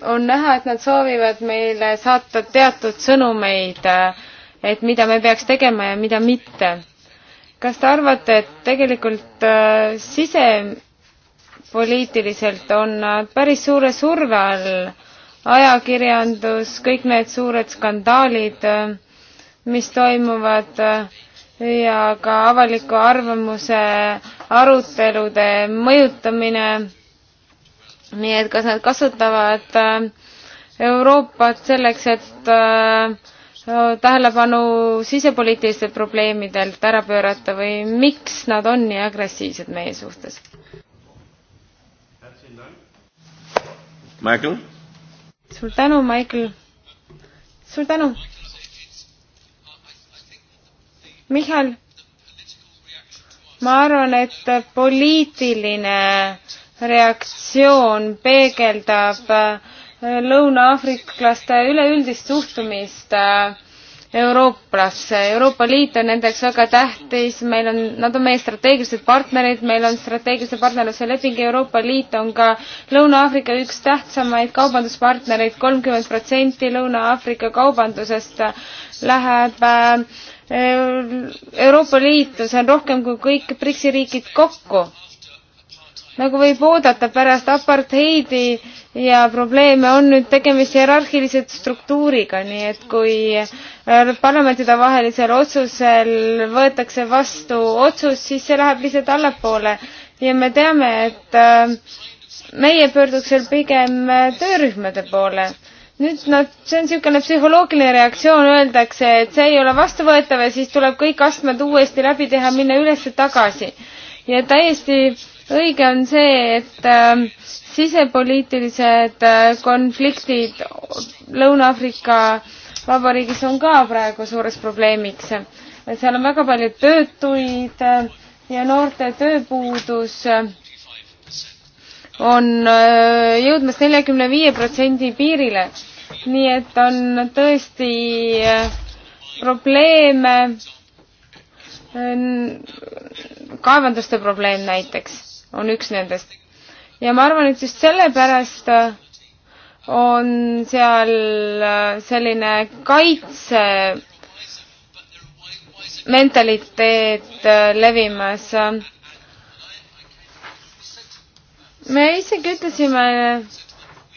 on näha, et nad soovivad meile saata teatud sõnumeid, äh, et mida me peaks tegema ja mida mitte. kas te arvate, et tegelikult äh, sisepoliitiliselt on nad äh, päris suure surve all, ajakirjandus, kõik need suured skandaalid, mis toimuvad ja ka avaliku arvamuse arutelude mõjutamine nii et kas nad kasutavad äh, Euroopat selleks, et äh, tähelepanu sisepoliitilistelt probleemidelt ära pöörata või miks nad on nii agressiivsed meie suhtes? Michael? suur tänu, Michael. suur tänu. Michal, ma arvan, et poliitiline äh, reaktsioon peegeldab äh, lõuna-aafriklaste üleüldist suhtumist äh, eurooplasse. Euroopa Liit on nendeks väga tähtis, meil on, nad on meie strateegilised partnerid, meil on strateegilise partnerluse leping, Euroopa Liit on ka Lõuna-Aafrika üks tähtsamaid kaubanduspartnereid, kolmkümmend protsenti Lõuna-Aafrika kaubandusest läheb äh, Euroopa Liitu, see on rohkem kui kõik BRICS-i riigid kokku nagu võib oodata pärast apartheidi ja probleeme, on nüüd tegemist hierarhilise struktuuriga, nii et kui äh, parlamentidevahelisel otsusel võetakse vastu otsus, siis see läheb lihtsalt allapoole ja me teame, et äh, meie pöörduksel pigem äh, töörühmade poole nüüd nad, see on niisugune psühholoogiline reaktsioon, öeldakse, et see ei ole vastuvõetav ja siis tuleb kõik astmed uuesti läbi teha, minna üles-tagasi. ja täiesti äh, õige on see, et äh, sisepoliitilised äh, konfliktid Lõuna-Aafrika Vabariigis on ka praegu suureks probleemiks. seal on väga palju töötuid äh, ja noorte tööpuudus äh, on äh, jõudmas neljakümne viie protsendi piirile. nii et on tõesti äh, probleeme, kaevanduste probleem näiteks on üks nendest. ja ma arvan, et just sellepärast äh, on seal äh, selline kaitse mentaliteet äh, levimas. me isegi ütlesime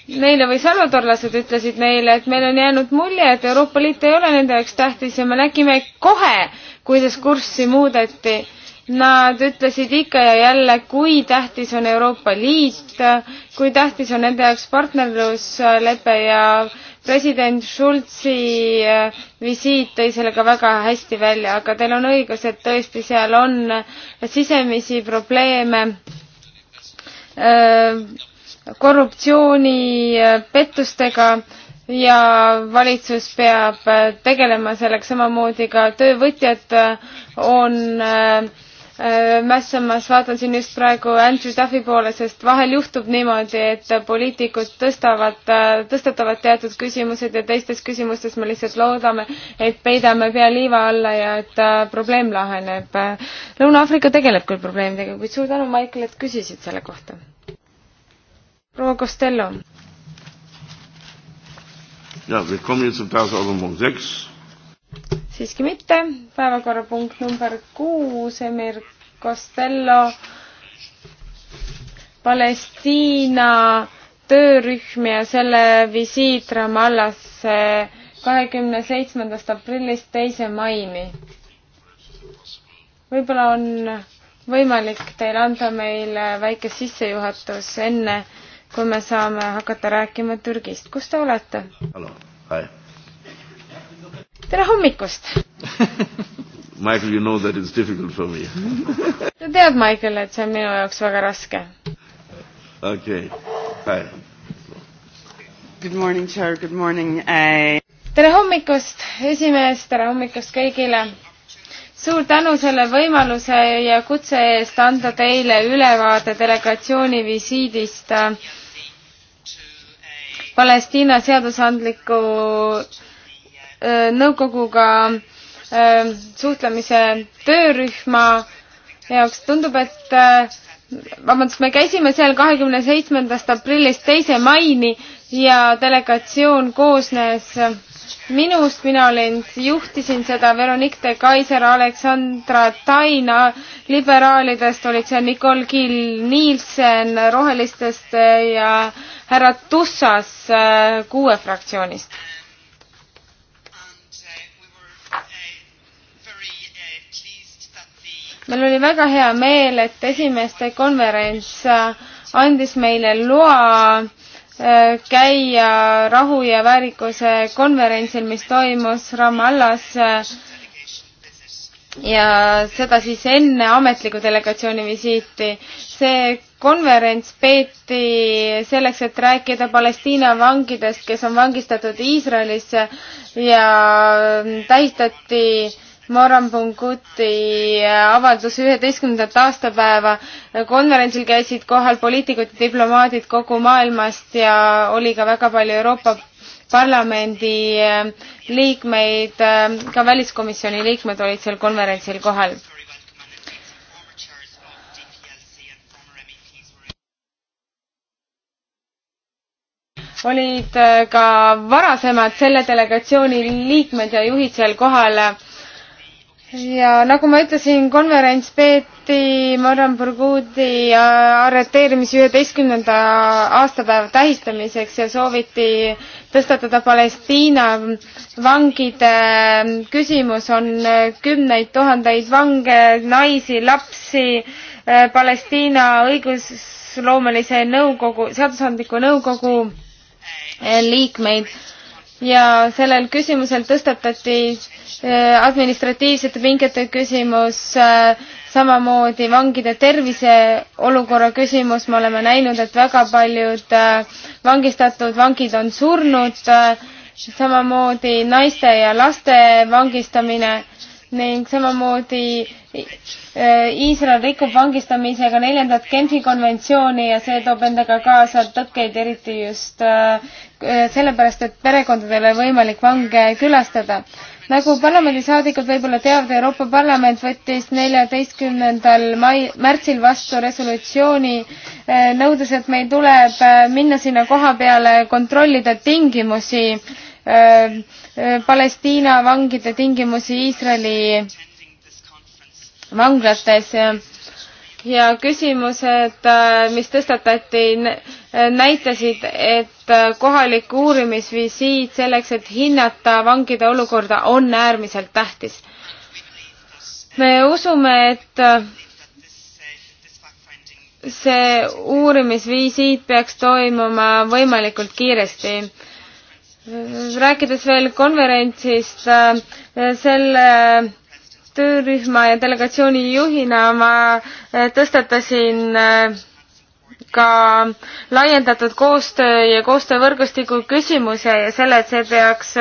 neile või salvadorlased ütlesid meile, et meil on jäänud mulje, et Euroopa Liit ei ole nende jaoks tähtis ja me nägime kohe, kuidas kurssi muudeti Nad ütlesid ikka ja jälle, kui tähtis on Euroopa Liit, kui tähtis on nende jaoks partnerluslepe ja president Schulzi äh, visiit tõi selle ka väga hästi välja, aga teil on õigus, et tõesti seal on sisemisi probleeme äh, korruptsiooni, äh, pettustega ja valitsus peab tegelema sellega, samamoodi ka töövõtjad on äh, Äh, mässamas, vaatan siin just praegu Andrew Duffi poole, sest vahel juhtub niimoodi, et poliitikud tõstavad, äh, tõstatavad teatud küsimused ja teistes küsimustes me lihtsalt loodame, et peidame pea liiva alla ja et äh, probleem laheneb. Lõuna-Aafrika tegeleb küll probleemidega, kuid suur tänu, Maicel, et küsisid selle kohta. proua Costello. Ja, wir kommen jetzt zum Tagesordnungspunkt sechs siiski mitte. päevakorrapunkt number kuus, Emir Costello, Palestiina töörühm ja selle visiit Ramallasse kahekümne seitsmendast aprillist teise maini. võib-olla on võimalik teil anda meile väike sissejuhatus enne, kui me saame hakata rääkima Türgist. kus te olete? hallo, hi tere hommikust Michael, you know that it's difficult for me sa tead, Michael, et see on minu jaoks väga raske. okei okay., hi. Good morning, sir, good morning I.... Eh. tere hommikust, esimees, tere hommikust kõigile. suur tänu selle võimaluse ja kutse eest anda teile ülevaade delegatsiooni visiidist eh, Palestiina seadusandliku Äh, nõukoguga äh, suhtlemise töörühma jaoks. tundub, et äh, vabandust, me käisime seal kahekümne seitsmendast aprillist teise maini ja delegatsioon koosnes minust, mina olin, juhtisin seda, Veronique de Kaiser, Aleksandra Taina, liberaalidest olid seal Nicole Kill Nielsen rohelistest ja härra Tussas kuue fraktsioonist meil oli väga hea meel, et esimeste konverents äh, andis meile loa äh, käia rahu ja väärikuse konverentsil, mis toimus Ramallas äh, ja seda siis enne ametliku delegatsiooni visiiti. see konverents peeti selleks, et rääkida Palestiina vangidest, kes on vangistatud Iisraelis ja tähistati Moran Punguti avalduse üheteistkümnendat aastapäeva konverentsil käisid kohal poliitikud ja diplomaadid kogu maailmast ja oli ka väga palju Euroopa Parlamendi eh, liikmeid, eh, ka väliskomisjoni liikmed olid seal konverentsil kohal olid eh, ka varasemad selle delegatsiooni liikmed ja juhid seal kohal ja nagu ma ütlesin, konverents peeti Morran Burgudi äh, arreteerimise üheteistkümnenda aastapäeva tähistamiseks ja sooviti tõstatada Palestiina vangide küsimus. on äh, kümneid tuhandeid vange, naisi, lapsi äh, Palestiina õigusloomelise nõukogu, seadusandliku nõukogu liikmeid ja sellel küsimusel tõstatati äh, administratiivsete pingete küsimus, äh, samamoodi vangide terviseolukorra küsimus, me oleme näinud, et väga paljud äh, vangistatud vangid on surnud, samamoodi naiste ja laste vangistamine ning samamoodi äh, Iisrael rikub vangistamisega neljandat Genfi konventsiooni ja see toob endaga kaasa tõkkeid, eriti just äh, äh, sellepärast, et perekondadel ei ole võimalik vange külastada. nagu parlamendisaadikud võib-olla teavad, Euroopa Parlament võttis neljateistkümnendal mai, märtsil vastu resolutsiooni, nõudes, et meil tuleb minna sinna koha peale, kontrollida tingimusi Äh, äh, Palestiina vangide tingimusi Iisraeli vanglates ja küsimused, äh, mis tõstatati, näitasid, et kohalik uurimisvisiit selleks, et hinnata vangide olukorda, on äärmiselt tähtis. me usume, et see uurimisvisiit peaks toimuma võimalikult kiiresti rääkides veel konverentsist, äh, selle töörühma ja delegatsiooni juhina ma äh, tõstatasin äh, ka laiendatud koostöö ja koostöövõrgustiku küsimuse ja selle, et see peaks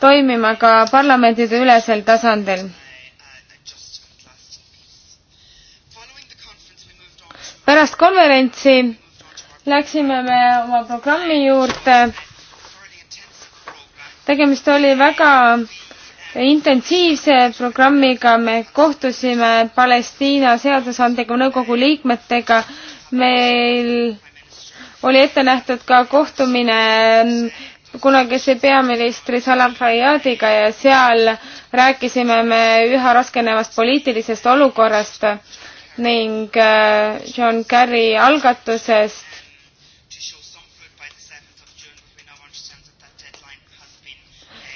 toimima ka parlamendide ülesel tasandil pärast konverentsi läksime me oma programmi juurde tegemist oli väga intensiivse programmiga, me kohtusime Palestiina seadusandliku nõukogu liikmetega, meil oli ette nähtud ka kohtumine kunagise peaministri Salam Fayyadiga ja seal rääkisime me üha raskenevast poliitilisest olukorrast ning äh, John Kerry algatusest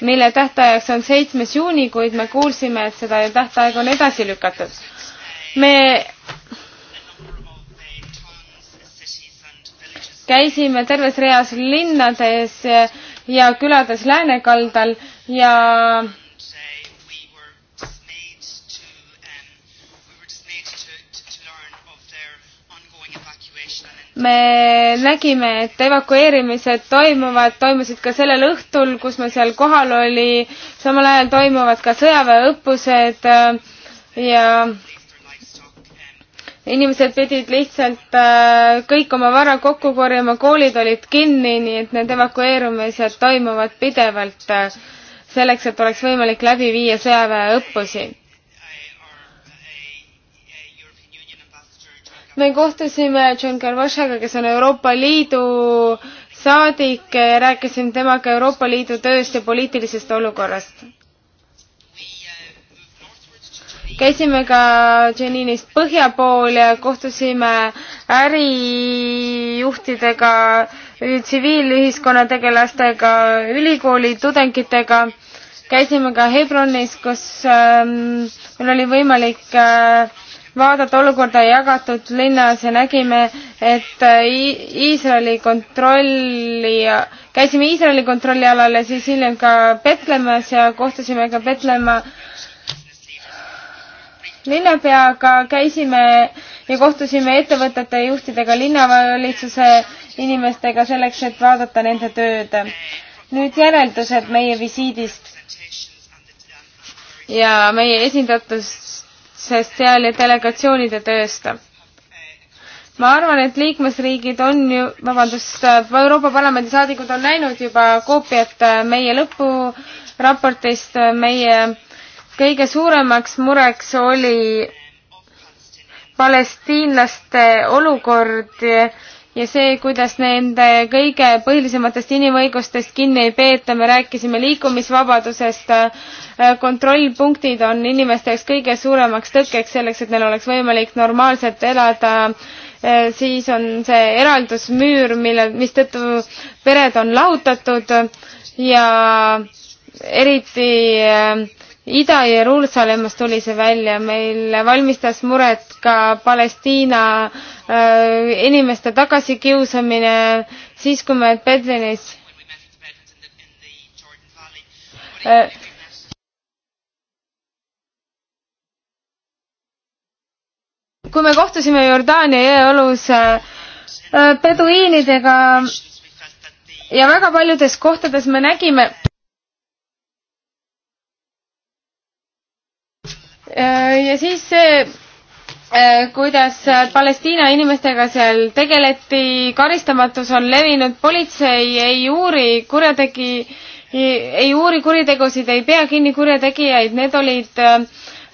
mille tähtajaks on seitsmes juuni, kuid me kuulsime, et seda tähtaega on edasi lükatud. me käisime terves reas linnades ja külades läänekaldal ja me nägime, et evakueerimised toimuvad, toimusid ka sellel õhtul, kus ma seal kohal oli. samal ajal toimuvad ka sõjaväeõppused äh, ja inimesed pidid lihtsalt äh, kõik oma vara kokku korjama, koolid olid kinni, nii et need evakueerumised toimuvad pidevalt äh, selleks, et oleks võimalik läbi viia sõjaväeõppusi me kohtusime John Carvashaga, kes on Euroopa Liidu saadik ja rääkisin temaga Euroopa Liidu tööst ja poliitilisest olukorrast. käisime ka Dženinist põhja pool ja kohtusime ärijuhtidega, tsiviilühiskonna tegelastega, ülikooli tudengitega. käisime ka Hebronis, kus ähm, meil oli võimalik äh, vaadata olukorda jagatud linnas ja nägime, et äh, Iisraeli kontrolli, käisime Iisraeli kontrolli alal ja siis hiljem ka Petlemmas ja kohtusime ka Petlemma linnapeaga, käisime ja kohtusime ettevõtete juhtidega, linnavalitsuse inimestega selleks, et vaadata nende tööd. nüüd järeldused meie visiidist ja meie esindatus sest seal ja delegatsioonide tööst. ma arvan, et liikmesriigid on ju, vabandust, Euroopa Parlamendi saadikud on näinud juba koopiat meie lõpuraportist, meie kõige suuremaks mureks oli palestiinlaste olukord ja see, kuidas nende kõige põhilisematest inimõigustest kinni ei peeta, me rääkisime liikumisvabadusest, äh, kontrollpunktid on inimeste jaoks kõige suuremaks tõkkeks selleks, et neil oleks võimalik normaalselt elada äh, siis on see eraldusmüür, mille, mistõttu pered on lahutatud ja eriti äh, Ida-Jeruusalemmas tuli see välja, meil valmistas muret ka Palestiina äh, inimeste tagasikiusamine siis, kui me Bedlinis äh, kui me kohtusime Jordaania jõeolus äh, peduiinidega äh, ja väga paljudes kohtades me nägime Äh, ja siis see, äh, kuidas Palestiina inimestega seal tegeleti, karistamatus on levinud, politsei ei uuri kurjategi, ei uuri kuritegusid, ei pea kinni kurjategijaid, need olid äh,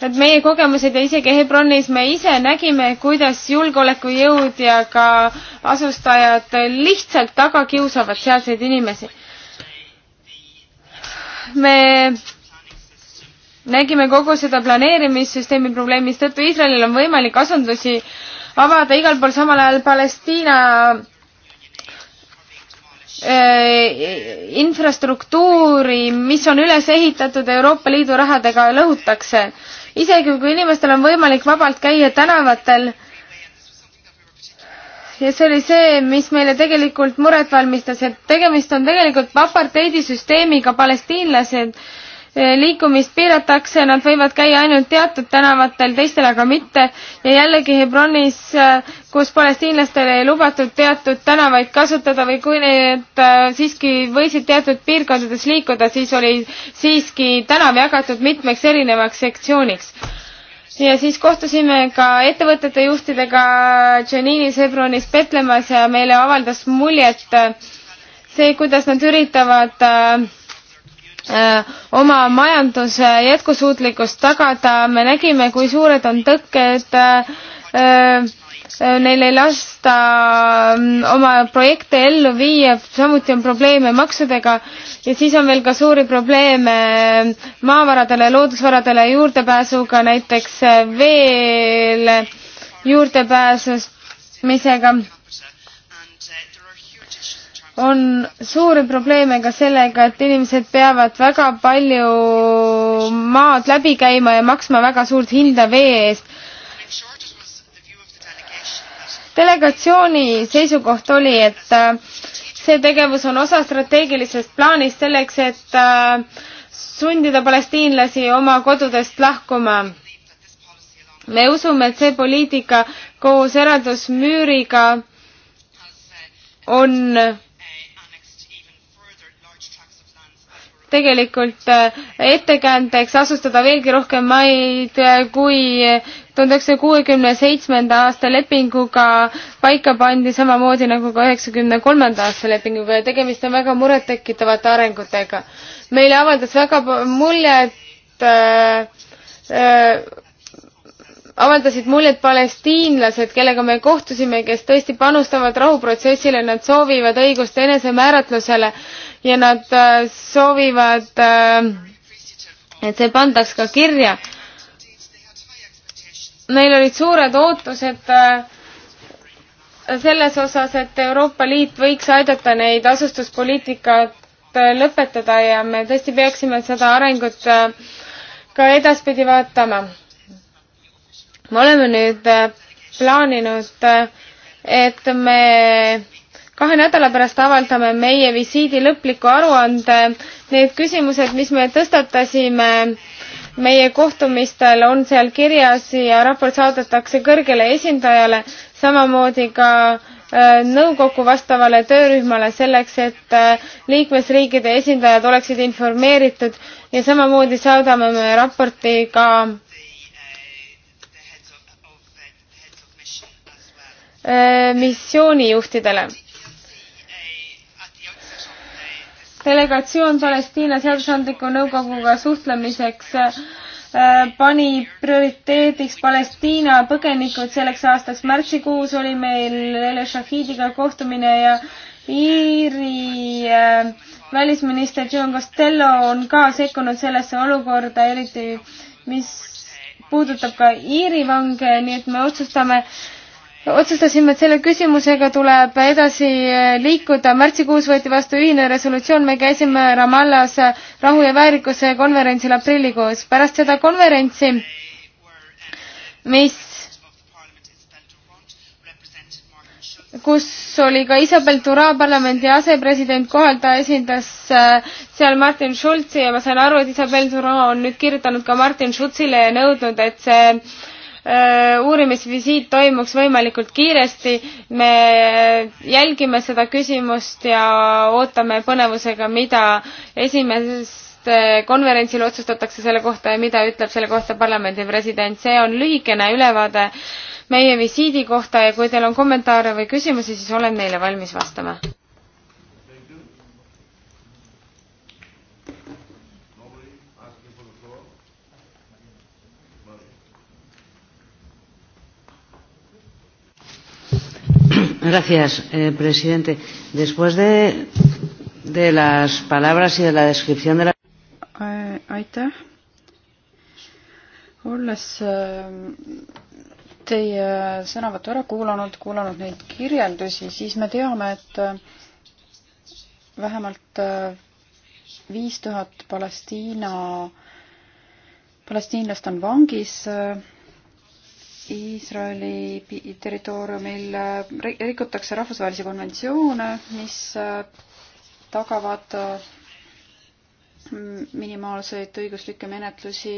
et meie kogemused ja isegi Hebronis me ise nägime, kuidas julgeolekujõud ja ka asustajad lihtsalt taga kiusavad sealseid inimesi. me nägime kogu seda planeerimissüsteemi probleemi, mistõttu Iisraelil on võimalik asundusi avada igal pool samal ajal Palestiina äh, infrastruktuuri, mis on üles ehitatud Euroopa Liidu rahadega, lõhutakse. isegi kui inimestel on võimalik vabalt käia tänavatel, ja see oli see, mis meile tegelikult muret valmistas, et tegemist on tegelikult aparteidisüsteemiga, palestiinlased äh, Eh, liikumist piiratakse, nad võivad käia ainult teatud tänavatel, teistel aga mitte. ja jällegi Hebronis, eh, kus palestiinlastele ei lubatud teatud tänavaid kasutada või kui need eh, siiski võisid teatud piirkondades liikuda, siis oli siiski tänav jagatud mitmeks erinevaks sektsiooniks ja siis kohtusime ka ettevõtete juhtidega Džaninis, Hebronis, Petlemas ja meile avaldas muljet see, kuidas nad üritavad äh, Äh, oma majanduse jätkusuutlikkust tagada, me nägime, kui suured on tõkked, äh, äh, neil ei lasta mm, oma projekte ellu viia, samuti on probleeme maksudega ja siis on veel ka suuri probleeme maavaradele, loodusvaradele juurdepääsuga, näiteks veel juurdepääsustamisega on suuri probleeme ka sellega, et inimesed peavad väga palju maad läbi käima ja maksma väga suurt hinda vee eest. delegatsiooni seisukoht oli, et äh, see tegevus on osa strateegilisest plaanist selleks, et äh, sundida palestiinlasi oma kodudest lahkuma. me usume, et see poliitika koos eraldusmüüriga on tegelikult äh, ettekäändeks asustada veelgi rohkem maid, äh, kui tuhande üheksasaja kuuekümne seitsmenda aasta lepinguga paika pandi, samamoodi nagu ka üheksakümne kolmanda aasta lepinguga ja tegemist on väga murettekitavate arengutega. meile avaldas väga muljet äh, äh, avaldasid muljet palestiinlased, kellega me kohtusime, kes tõesti panustavad rahuprotsessile, nad soovivad õigust enesemääratlusele ja nad äh, soovivad, äh, et see pandaks ka kirja. Neil olid suured ootused äh, selles osas, et Euroopa Liit võiks aidata neid asustuspoliitikat lõpetada ja me tõesti peaksime seda arengut ka edaspidi vaatama. me oleme nüüd plaaninud, et me kahe nädala pärast avaldame meie visiidi lõpliku aruande. Need küsimused, mis me tõstatasime meie kohtumistel, on seal kirjas ja raport saadetakse kõrgele esindajale, samamoodi ka äh, nõukogu vastavale töörühmale selleks, et äh, liikmesriikide esindajad oleksid informeeritud ja samamoodi saadame me raporti ka äh, missioonijuhtidele delegatsioon Palestiina seadusandliku nõukoguga suhtlemiseks äh, pani prioriteediks Palestiina põgenikud selleks aastaks. märtsikuus oli meil Lele Shahidiga kohtumine ja Iiri äh, välisminister John Costello on ka sekkunud sellesse olukorda, eriti mis puudutab ka Iiri vange, nii et me otsustame otsustasime, et selle küsimusega tuleb edasi äh, liikuda. märtsikuus võeti vastu ühine resolutsioon, me käisime Ramallas rahu ja väärikuse konverentsil aprillikuus. pärast seda konverentsi, mis, kus oli ka Isabel Tura parlamendi asepresident kohal, ta esindas äh, seal Martin Schulzi ja ma sain aru, et Isabel Tura on nüüd kirjutanud ka Martin Schulzile ja nõudnud, et see Äh, uurimisvisiit toimuks võimalikult kiiresti. me jälgime seda küsimust ja ootame põnevusega, mida esimesest äh, konverentsil otsustatakse selle kohta ja mida ütleb selle kohta parlamendi president. see on lühikene ülevaade meie visiidi kohta ja kui teil on kommentaare või küsimusi, siis olen neile valmis vastama. Gracias, eh, presidente. Después de, de las palabras y de la descripción de la. Eh, aitäh. olles eh, teie sõnavõttu ära kuulanud, kuulanud neid kirjeldusi, siis me teame, et eh, vähemalt viis tuhat Palestiina, palestiinlast on vangis Iisraeli territooriumil äh, rikutakse rahvusvahelisi konventsioone, mis äh, tagavad äh, minimaalseid õiguslikke menetlusi.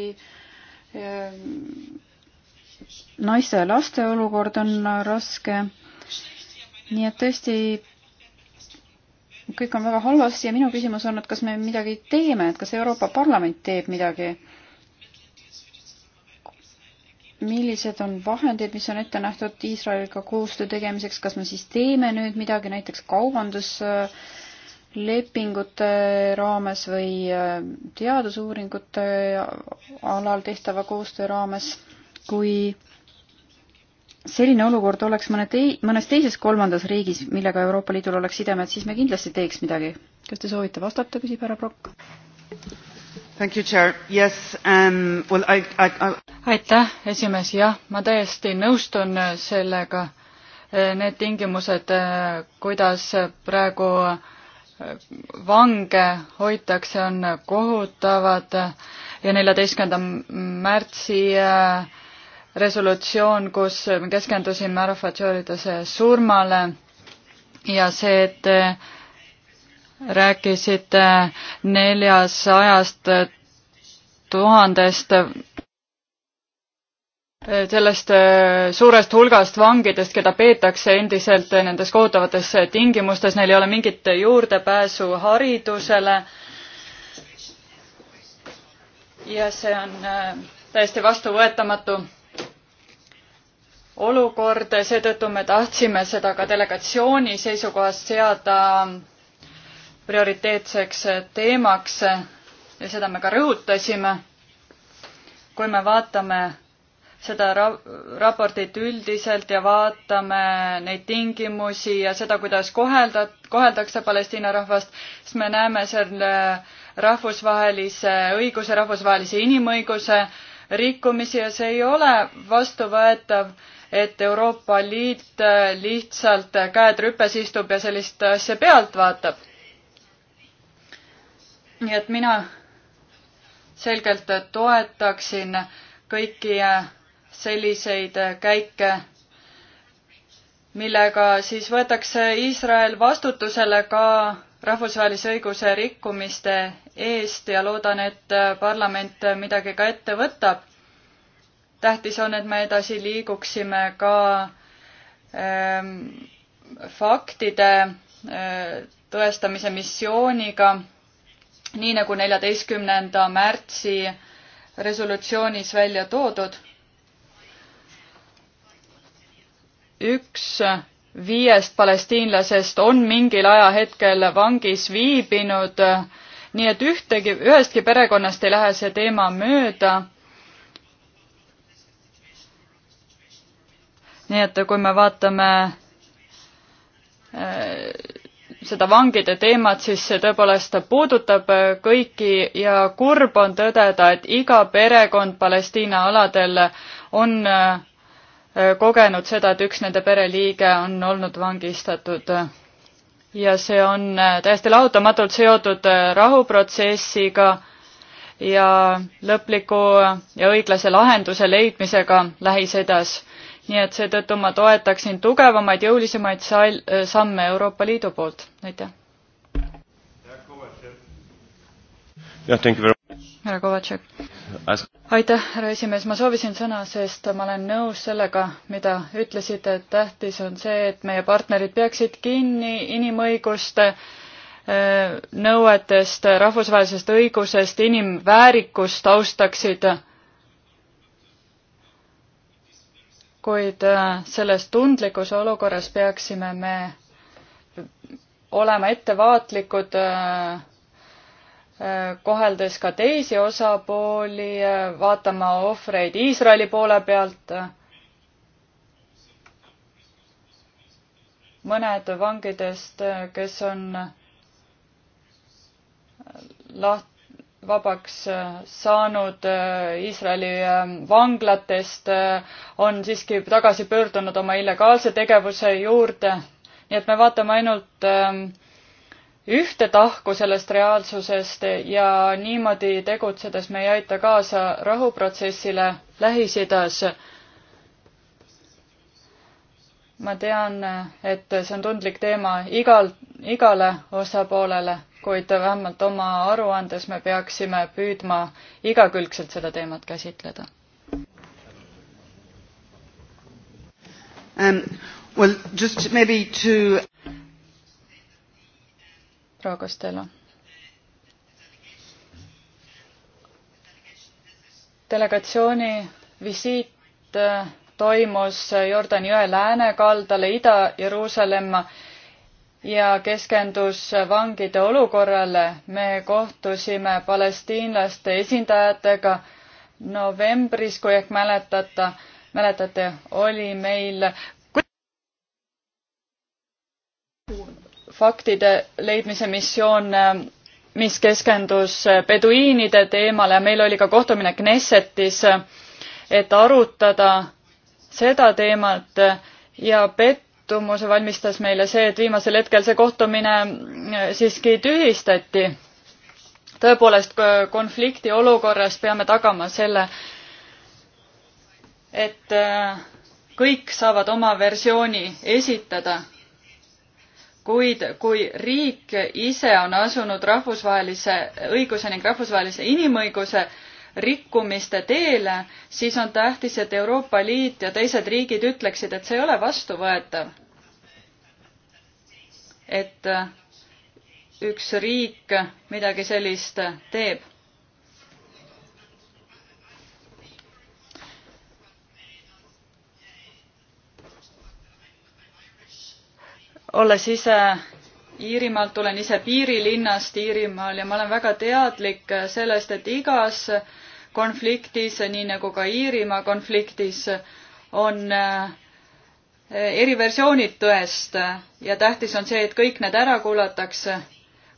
naiste ja laste olukord on raske. nii et tõesti kõik on väga halvasti ja minu küsimus on, et kas me midagi teeme, et kas Euroopa Parlament teeb midagi millised on vahendid, mis on ette nähtud Iisraeliga koostöö tegemiseks, kas me siis teeme nüüd midagi näiteks kaubanduslepingute raames või äh, teadusuuringute äh, alal tehtava koostöö raames, kui selline olukord oleks mõne tei-, mõnes teises kolmandas riigis, millega Euroopa Liidul oleks sidemed, siis me kindlasti teeks midagi. kas te soovite vastata, küsib härra Prokk? You, yes, um, well, I, I, I... aitäh, esimees, jah, ma täiesti nõustun sellega. E, need tingimused, e, kuidas praegu e, vange hoitakse, on kohutavad ja neljateistkümnenda märtsi resolutsioon, kus me keskendusime Arafat Joridase surmale ja see, et rääkisite neljasajast tuhandest sellest suurest hulgast vangidest, keda peetakse endiselt nendes kohutavates tingimustes, neil ei ole mingit juurdepääsu haridusele. ja see on äh, täiesti vastuvõetamatu olukord, seetõttu me tahtsime seda ka delegatsiooni seisukohast seada prioriteetseks teemaks ja seda me ka rõhutasime. kui me vaatame seda ra-, raportit üldiselt ja vaatame neid tingimusi ja seda, kuidas kohelda, koheldakse Palestiina rahvast, siis me näeme selle rahvusvahelise õiguse, rahvusvahelise inimõiguse rikkumisi ja see ei ole vastuvõetav, et Euroopa Liit lihtsalt käed rüpes istub ja sellist asja pealt vaatab nii et mina selgelt toetaksin kõiki selliseid käike, millega siis võetakse Iisrael vastutusele ka rahvusvahelise õiguse rikkumiste eest ja loodan, et parlament midagi ka ette võtab. tähtis on, et me edasi liiguksime ka ähm, faktide äh, tõestamise missiooniga nii nagu neljateistkümnenda märtsi resolutsioonis välja toodud. üks viiest palestiinlasest on mingil ajahetkel vangis viibinud, nii et ühtegi, ühestki perekonnast ei lähe see teema mööda. nii et kui me vaatame äh, seda vangide teemat, siis see tõepoolest puudutab kõiki ja kurb on tõdeda, et iga perekond Palestiina aladel on äh, kogenud seda, et üks nende pereliige on olnud vangistatud. ja see on äh, täiesti lahutamatult seotud äh, rahuprotsessiga ja lõpliku ja õiglase lahenduse leidmisega Lähis-Idas nii et seetõttu ma toetaksin tugevamaid, jõulisemaid sal-, äh, samme Euroopa Liidu poolt, aitäh. härra Kovatšek. aitäh, härra esimees, ma soovisin sõna, sest ma olen nõus sellega, mida ütlesite, et tähtis on see, et meie partnerid peaksid kinni inimõiguste äh, nõuetest, rahvusvahelisest õigusest, inimväärikust austaksid kuid äh, selles tundlikus olukorras peaksime me olema ettevaatlikud, äh, äh, koheldes ka teisi osapooli, vaatama ohvreid Iisraeli poole pealt. mõned vangidest, kes on laht-, vabaks äh, saanud äh, Iisraeli äh, vanglatest, on siiski tagasi pöördunud oma illegaalse tegevuse juurde. nii et me vaatame ainult ühte tahku sellest reaalsusest ja niimoodi tegutsedes me ei aita kaasa rahuprotsessile Lähis-Idas. ma tean, et see on tundlik teema igal, igale osapoolele kuid vähemalt oma aruandes me peaksime püüdma igakülgselt seda teemat käsitleda um,. Well, just maybe to proua Costello. delegatsiooni visiit äh, toimus Jordani jõe läänekaldale Ida-Jeruusalemma ja keskendus vangide olukorrale. me kohtusime palestiinlaste esindajatega novembris, kui ehk mäletata, mäletate, oli meil faktide leidmise missioon, mis keskendus peduiinide teemale. meil oli ka kohtumine Knessetis, et arutada seda teemat ja pet-, pettumuse valmistas meile see, et viimasel hetkel see kohtumine äh, siiski tühistati. tõepoolest, konflikti olukorras peame tagama selle, et äh, kõik saavad oma versiooni esitada. kuid kui riik ise on asunud rahvusvahelise õiguse ning rahvusvahelise inimõiguse rikkumiste teele, siis on tähtis, et Euroopa Liit ja teised riigid ütleksid, et see ei ole vastuvõetav. et äh, üks riik midagi sellist teeb. olles ise Iirimaalt, tulen ise piirilinnast Iirimaal ja ma olen väga teadlik sellest, et igas äh, konfliktis, nii nagu ka Iirimaa konfliktis, on äh, eriversioonid tõest ja tähtis on see, et kõik need ära kuulatakse,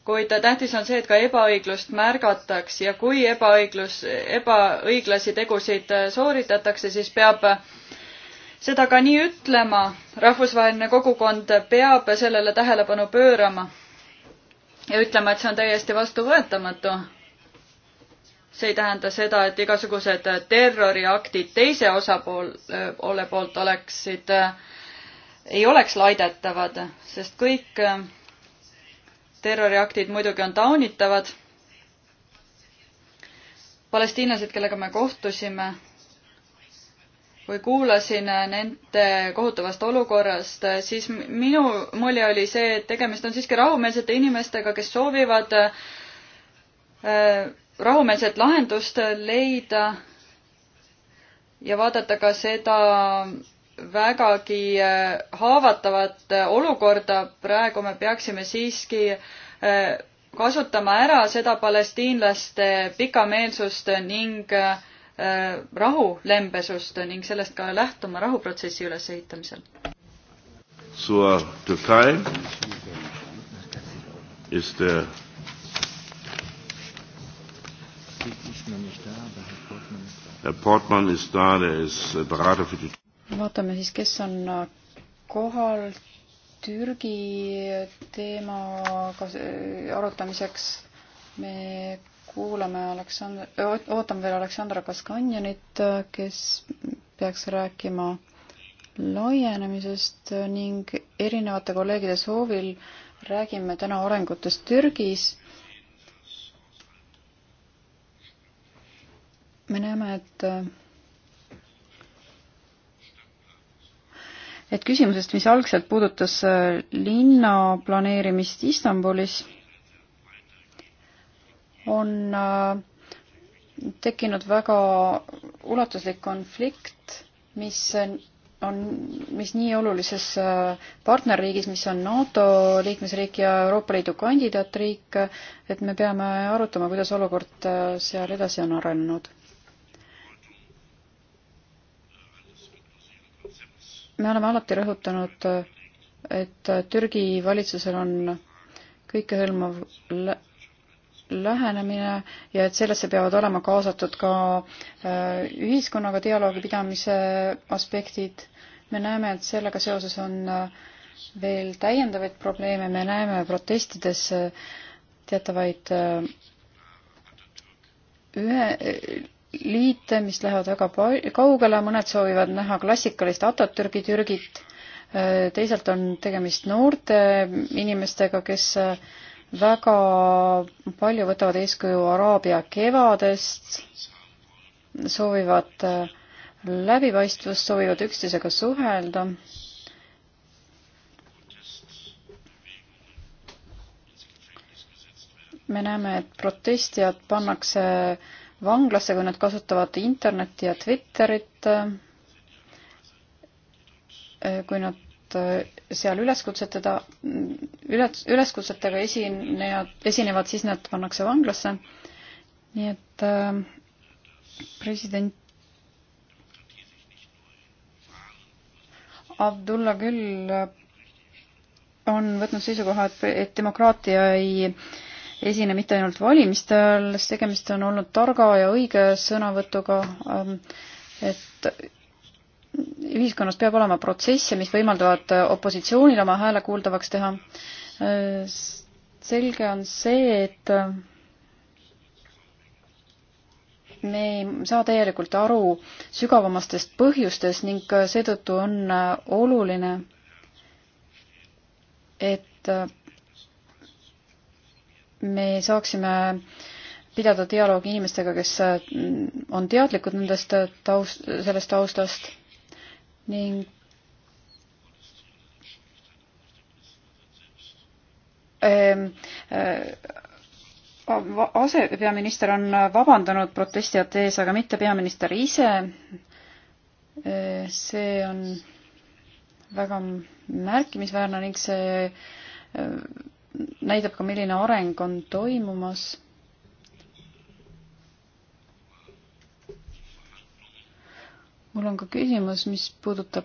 kuid tähtis on see, et ka ebaõiglust märgataks ja kui ebaõiglus, ebaõiglasi tegusid sooritatakse, siis peab seda ka nii ütlema, rahvusvaheline kogukond peab sellele tähelepanu pöörama ja ütlema, et see on täiesti vastuvõetamatu see ei tähenda seda, et igasugused terroriaktid teise osapoole poolt oleksid, ei oleks laidetavad, sest kõik terroriaktid muidugi on taunitavad. palestiinlased, kellega me kohtusime, kui kuulasin nende kohutavast olukorrast, siis minu mulje oli see, et tegemist on siiski rahumeelsete inimestega, kes soovivad äh, rahumeelset lahendust leida ja vaadata ka seda vägagi äh, haavatavat äh, olukorda, praegu me peaksime siiski äh, kasutama ära seda palestiinlaste pikameelsust ning rahulembesust ning sellest ka lähtuma rahuprotsessi ülesehitamisel. Zur Türkei ist der Portman ist da, der ist äh, Berater für die vaatame siis, kes on äh, kohal Türgi teemaga äh, arutamiseks. me kuulame Aleksandr, ootame veel Aleksandra Kaskanjanit, kes peaks rääkima laienemisest ning erinevate kolleegide soovil räägime täna arengutest Türgis me näeme, et et küsimusest, mis algselt puudutas äh, linna planeerimist Istanbulis, on äh, tekkinud väga ulatuslik konflikt, mis on, mis nii olulises äh, partnerriigis, mis on NATO liikmesriik ja Euroopa Liidu kandidaatriik, et me peame arutama, kuidas olukord seal edasi on arenenud me oleme alati rõhutanud, et Türgi valitsusel on kõikehõlmav lä lähenemine ja et sellesse peavad olema kaasatud ka äh, ühiskonnaga dialoogi pidamise aspektid. me näeme, et sellega seoses on äh, veel täiendavaid probleeme, me näeme protestides äh, teatavaid ühe liite, mis lähevad väga kaugele, mõned soovivad näha klassikalist Atatürgi Türgit, äh, teisalt on tegemist noorte inimestega, kes äh, väga palju võtavad eeskuju Araabia kevadest, soovivad äh, läbipaistvust, soovivad üksteisega suhelda me näeme, et protestijad pannakse vanglasse, kui nad kasutavad internetti ja Twitterit, äh, kui nad äh, seal üleskutsetega, üles, üleskutsetega esinevad, esinevad, siis nad pannakse vanglasse. nii et äh, president Abdullah küll äh, on võtnud seisukoha, et, et demokraatia ei äh, esine mitte ainult valimiste ajal, sest tegemist on olnud targa ja õige sõnavõtuga, ähm, et ühiskonnas peab olema protsesse, mis võimaldavad opositsioonil oma hääle kuuldavaks teha. Äh, selge on see, et äh, me ei saa täielikult aru sügavamatest põhjustest ning seetõttu on äh, oluline, et me saaksime pidada dialoogi inimestega, kes mm, on teadlikud nendest taust, sellest taustast ning ehm, äh, asepeaminister on vabandanud protestijate ees, aga mitte peaminister ise. Ehm, see on väga märkimisväärne ning see äh, näitab ka, milline areng on toimumas. mul on ka küsimus, mis puudutab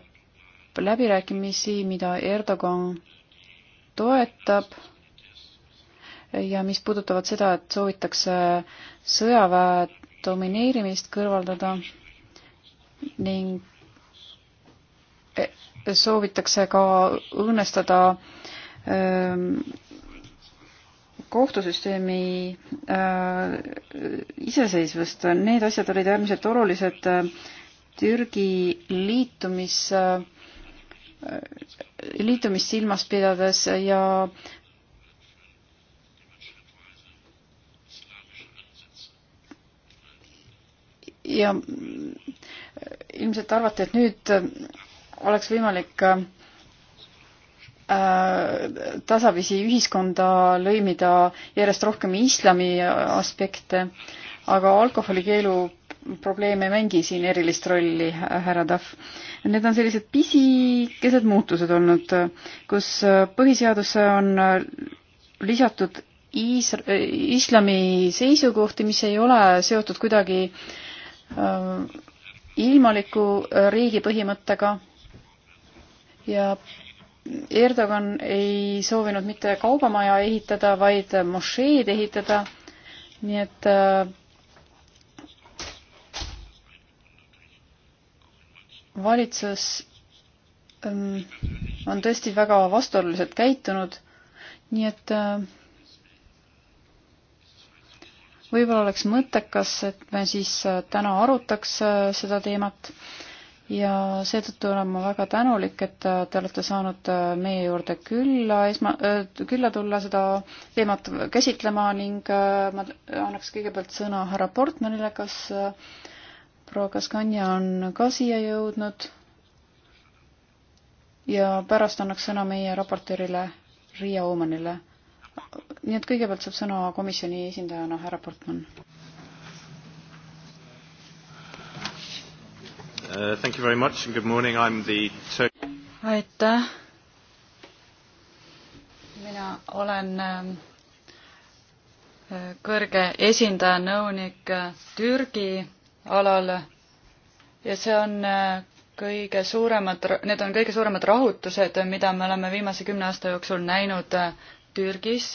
läbirääkimisi, mida Erdogan toetab ja mis puudutavad seda, et soovitakse sõjaväe domineerimist kõrvaldada ning soovitakse ka õõnestada ähm, kohtusüsteemi äh, iseseisvust, need asjad olid äärmiselt olulised äh, Türgi liitumis äh,, liitumist silmas pidades ja ja äh, ilmselt arvati, et nüüd oleks võimalik äh, Äh, tasapisi ühiskonda lõimida järjest rohkem islami aspekte, aga alkoholikeelu probleem ei mängi siin erilist rolli, härra Tahv. Need on sellised pisikesed muutused olnud, kus põhiseadusse on lisatud is-, islami seisukohti, mis ei ole seotud kuidagi äh, ilmaliku riigi põhimõttega ja Erdogan ei soovinud mitte kaubamaja ehitada, vaid mošeed ehitada, nii et äh, valitsus ähm, on tõesti väga vastuoluliselt käitunud, nii et äh, võib-olla oleks mõttekas, et me siis äh, täna arutaks seda teemat ja seetõttu olen ma väga tänulik, et äh, te olete saanud äh, meie juurde külla esma-, äh, külla tulla seda teemat käsitlema ning ma annaks kõigepealt sõna härra Portmanile, kas proua Kaskanja on ka siia jõudnud? ja pärast annaks sõna meie raportöörile Riia Oomanile. nii et kõigepealt saab sõna komisjoni esindajana härra Portman Uh, thank you very much and good morning. I'm the aitäh. mina olen ähm, äh, kõrge esindaja nõunik äh, Türgi alal ja see on äh, kõige suuremad, need on kõige suuremad rahutused, mida me oleme viimase kümne aasta jooksul näinud Türgis,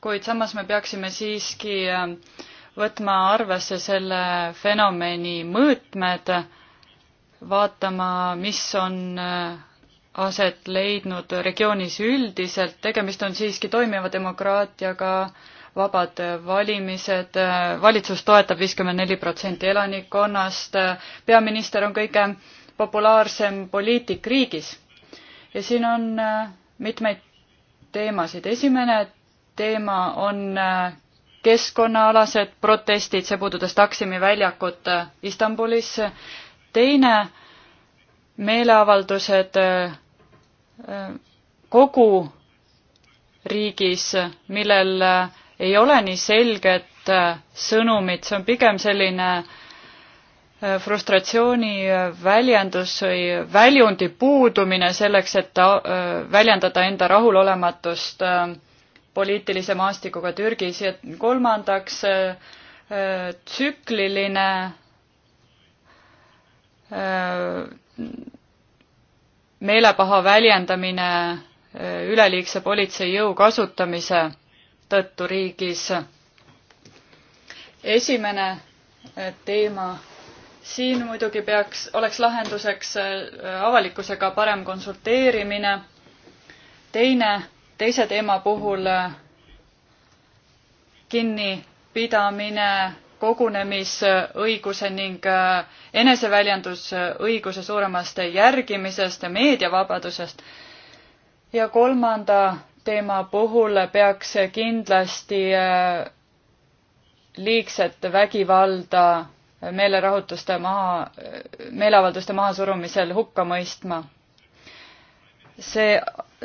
kuid samas me peaksime siiski võtma arvesse selle fenomeni mõõtmed vaatama, mis on äh, aset leidnud regioonis üldiselt, tegemist on siiski toimiva demokraatiaga, vabad valimised, äh, valitsus toetab viiskümmend neli protsenti elanikkonnast, peaminister on kõige populaarsem poliitik riigis. ja siin on äh, mitmeid teemasid, esimene teema on keskkonnaalased protestid, see puudutas Taksimi väljakut Istanbulis, teine meeleavaldused äh, kogu riigis, millel äh, ei ole nii selget äh, sõnumit, see on pigem selline frustratsiooni väljendus või väljundi puudumine selleks, et väljendada enda rahulolematust poliitilise maastikuga Türgis ja kolmandaks tsükliline Äh, meelepaha väljendamine äh, üleliigse politseijõu kasutamise tõttu riigis. esimene äh, teema, siin muidugi peaks, oleks lahenduseks avalikkusega parem konsulteerimine. teine, teise teema puhul kinnipidamine kogunemisõiguse ning äh, eneseväljendusõiguse suuremast järgimisest ja meediavabadusest. ja kolmanda teema puhul peaks kindlasti äh, liigset vägivalda äh, meelerahutuste maha, meeleavalduste mahasurumisel hukka mõistma. see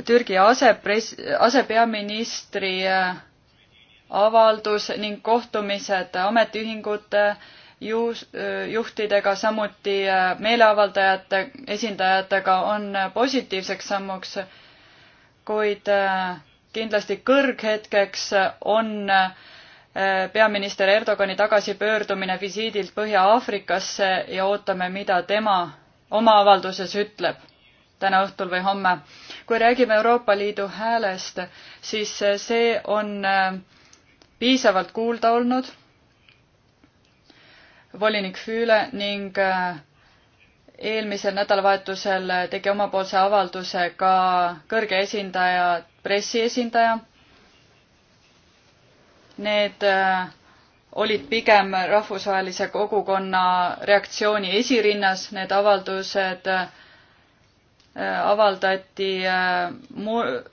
Türgi asepres-, asepeaministri avaldus ning kohtumised ametiühingute juus, juhtidega, samuti äh, meeleavaldajate esindajatega on positiivseks sammuks, kuid äh, kindlasti kõrghetkeks on äh, peaminister Erdogani tagasipöördumine visiidilt Põhja-Aafrikasse ja ootame, mida tema oma avalduses ütleb täna õhtul või homme. kui räägime Euroopa Liidu häälest, siis see on äh, piisavalt kuulda olnud. volinik Füüle ning äh, eelmisel nädalavahetusel tegi omapoolse avalduse ka kõrge esindaja, pressiesindaja. Need äh, olid pigem rahvusvahelise kogukonna reaktsiooni esirinnas, need avaldused äh, avaldati,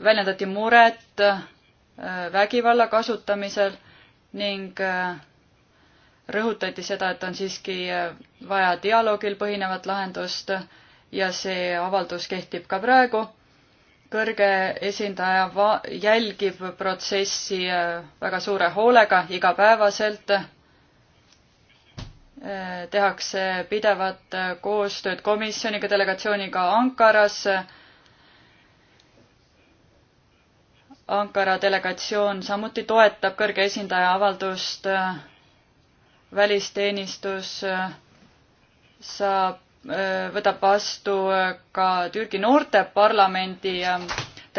väljendati muret Äh, vägivalla kasutamisel ning äh, rõhutati seda, et on siiski äh, vaja dialoogil põhinevat lahendust ja see avaldus kehtib ka praegu. kõrge esindaja va-, jälgib protsessi väga suure hoolega igapäevaselt. tehakse pidevat koostööd komisjoniga, delegatsiooniga Ankaras Ankara delegatsioon samuti toetab kõrge esindaja avaldust. Äh, välisteenistus äh, saab, äh, võtab vastu ka Türgi noorteparlamendi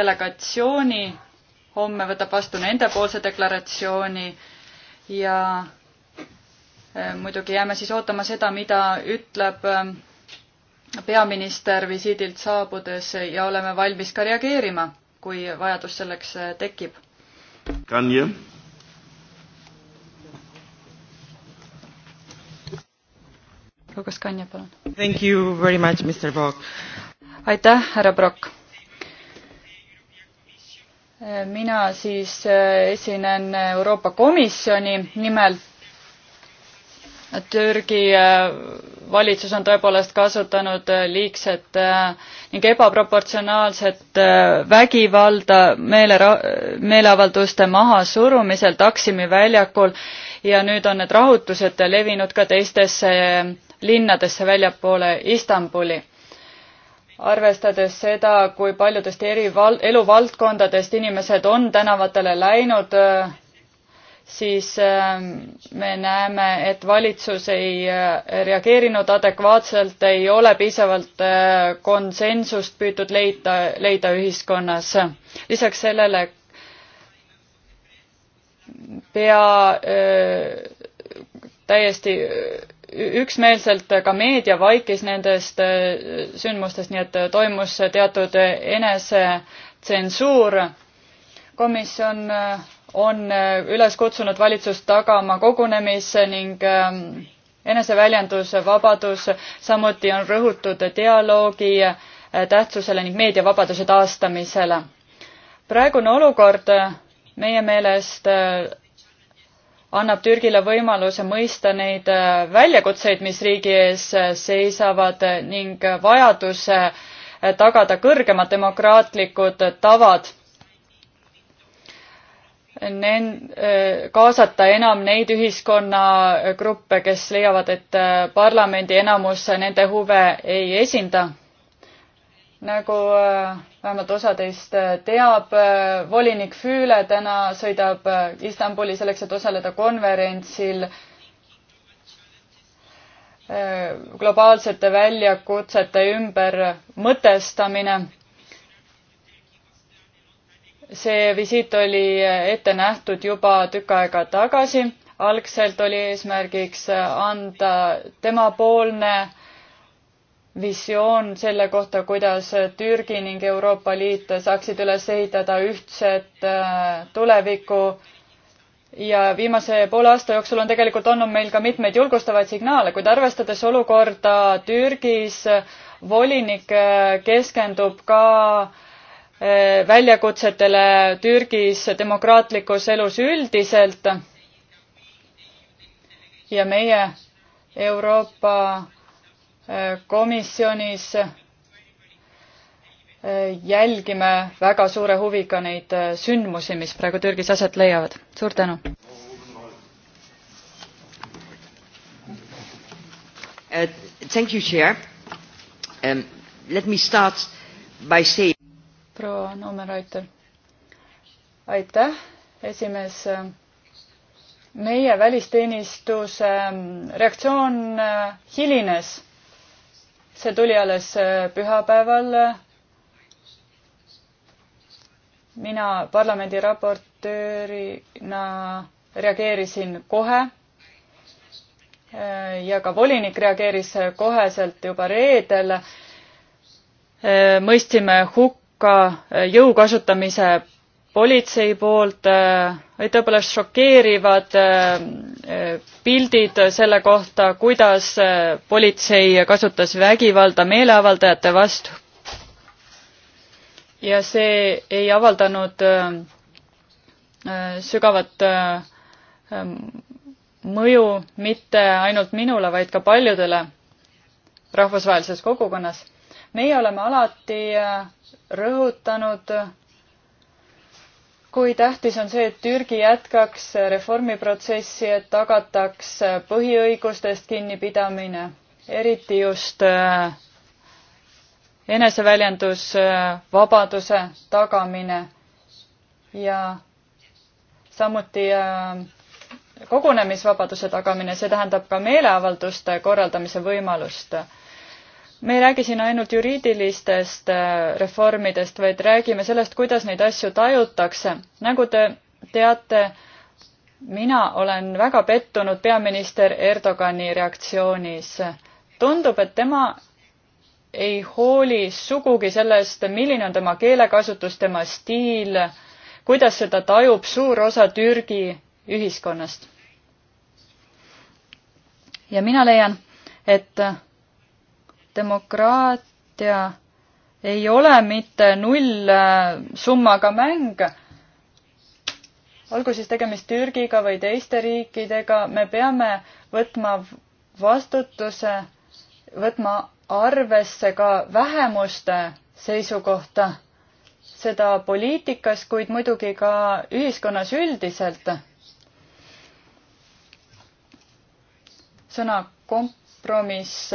delegatsiooni. homme võtab vastu nendepoolse deklaratsiooni ja muidugi jääme siis ootama seda, mida ütleb peaminister visiidilt saabudes ja oleme valmis ka reageerima kui vajadus selleks äh, tekib. Kanje. Lukas Kanja, palun. Thank you very much, Mr Brock. aitäh, härra Brock. mina siis äh, esinen Euroopa Komisjoni nimelt Türgi äh, valitsus on tõepoolest kasutanud äh, liigset äh, ning ebaproportsionaalset vägivalda meelera-, meeleavalduste mahasurumisel Taksimi väljakul ja nüüd on need rahutused levinud ka teistesse linnadesse väljapoole Istanbuli. arvestades seda, kui paljudest eri val-, eluvaldkondadest inimesed on tänavatele läinud, siis ähm, me näeme, et valitsus ei äh, reageerinud adekvaatselt, ei ole piisavalt äh, konsensust püütud leida, leida ühiskonnas. lisaks sellele pea äh, täiesti üksmeelselt ka meedia vaikis nendest sündmustest, nii et toimus teatud enesetsensuur. komisjon on äh, üles kutsunud valitsust tagama kogunemise ning ähm, eneseväljenduse vabadus, samuti on rõhutud dialoogi äh, tähtsusele ning meediavabaduse taastamisele. praegune olukord äh, meie meelest annab Türgile võimaluse mõista neid väljakutseid, mis riigi ees seisavad ning vajaduse tagada kõrgemad demokraatlikud tavad nen-, kaasata enam neid ühiskonnagruppe, kes leiavad, et parlamendi enamus nende huve ei esinda. nagu vähemalt osa teist teab, volinik Füüle täna sõidab Istanbuli selleks, et osaleda konverentsil globaalsete väljakutsete ümber mõtestamine see visiit oli ette nähtud juba tükk aega tagasi. algselt oli eesmärgiks anda temapoolne visioon selle kohta, kuidas Türgi ning Euroopa Liit saaksid üles ehitada ühtset äh, tulevikku ja viimase poole aasta jooksul on tegelikult olnud meil ka mitmeid julgustavaid signaale, kuid arvestades olukorda Türgis, volinik äh, keskendub ka Eh, väljakutsetele Türgis demokraatlikus elus üldiselt. ja meie Euroopa eh, Komisjonis eh, jälgime väga suure huviga neid sündmusi, mis praegu Türgis aset leiavad. suur tänu! Thank you, Chair. Um, let me start by saying proua Noomeraitel. aitäh, esimees. meie välisteenistuse ähm, reaktsioon äh, hilines. see tuli alles äh, pühapäeval. mina parlamendi raportöörina reageerisin kohe äh, ja ka volinik reageeris koheselt juba reedel. mõistsime hukka ka äh, jõu kasutamise politsei poolt, äh, olid tõepoolest šokeerivad äh, pildid selle kohta, kuidas politsei kasutas vägivalda meeleavaldajate vastu. ja see ei avaldanud sügavat mõju mitte ainult minule, vaid ka paljudele rahvusvahelises kogukonnas meie oleme alati äh, rõhutanud, kui tähtis on see, et Türgi jätkaks äh, reformiprotsessi, et tagataks äh, põhiõigustest kinnipidamine, eriti just eneseväljendusvabaduse tagamine ja samuti kogunemisvabaduse tagamine, see tähendab ka meeleavalduste korraldamise võimalust me ei räägi siin ainult juriidilistest äh, reformidest, vaid räägime sellest, kuidas neid asju tajutakse. nagu te teate, mina olen väga pettunud peaminister Erdogani reaktsioonis. tundub, et tema ei hooli sugugi sellest, milline on tema keelekasutus, tema stiil, kuidas seda tajub suur osa Türgi ühiskonnast. ja mina leian, et demokraatia ei ole mitte nullsummaga mäng. olgu siis tegemist Türgiga või teiste riikidega, me peame võtma vastutuse, võtma arvesse ka vähemuste seisukohta, seda poliitikas, kuid muidugi ka ühiskonnas üldiselt. sõna kompromiss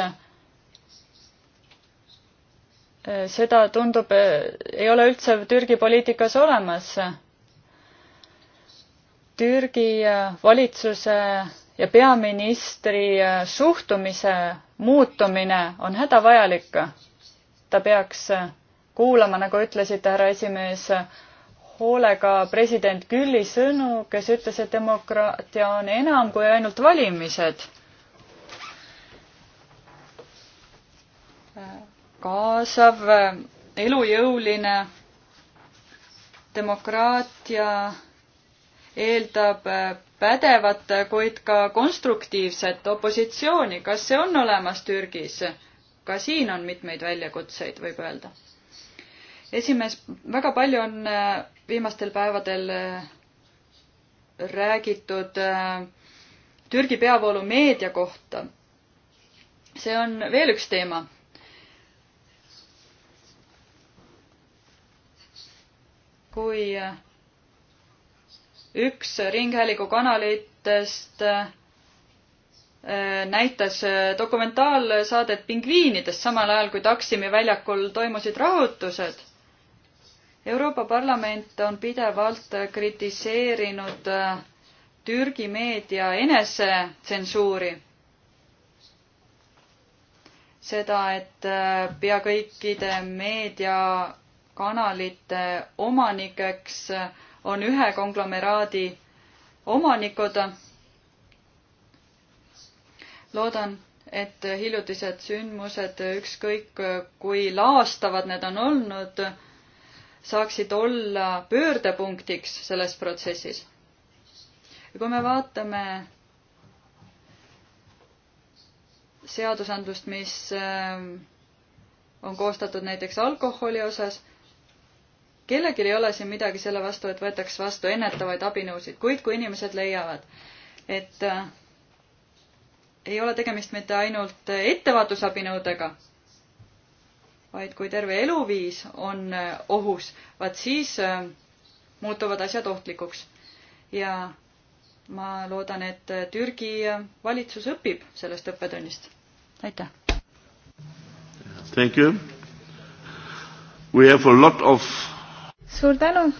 Äh, seda tundub, äh, ei ole üldse Türgi poliitikas olemas. Türgi äh, valitsuse ja peaministri suhtumise muutumine on hädavajalik. ta peaks kuulama, nagu ütlesite, härra esimees, hoolega president Külli sõnu, kes ütles, et demokraatia on enam kui ainult valimised kaasav, elujõuline demokraatia eeldab pädevat, kuid ka konstruktiivset opositsiooni. kas see on olemas Türgis? ka siin on mitmeid väljakutseid, võib öelda. esimees, väga palju on äh, viimastel päevadel äh, räägitud äh, Türgi peavoolumeedia kohta. see on veel üks teema kui üks Ringhäälingu kanalitest äh, näitas äh, dokumentaalsaadet pingviinidest, samal ajal kui Taksimi väljakul toimusid rahutused. Euroopa Parlament on pidevalt kritiseerinud äh, Türgi meedia enesetsensuuri. seda, et pea kõikide meedia kanalite omanikeks on ühe konglomeraadi omanikud. loodan, et hiljutised sündmused, ükskõik kui laastavad need on olnud, saaksid olla pöördepunktiks selles protsessis. ja kui me vaatame seadusandlust, mis äh, on koostatud näiteks alkoholi osas, kellelgi ei ole siin midagi selle vastu, et võetaks vastu ennetavaid abinõusid, kuid kui inimesed leiavad, et äh, ei ole tegemist mitte ainult ettevaatusabinõudega, vaid kui terve eluviis on äh, ohus, vaat siis äh, muutuvad asjad ohtlikuks. ja ma loodan, et Türgi valitsus õpib sellest õppetunnist. aitäh! Thank you. We have a lot of suur tänu!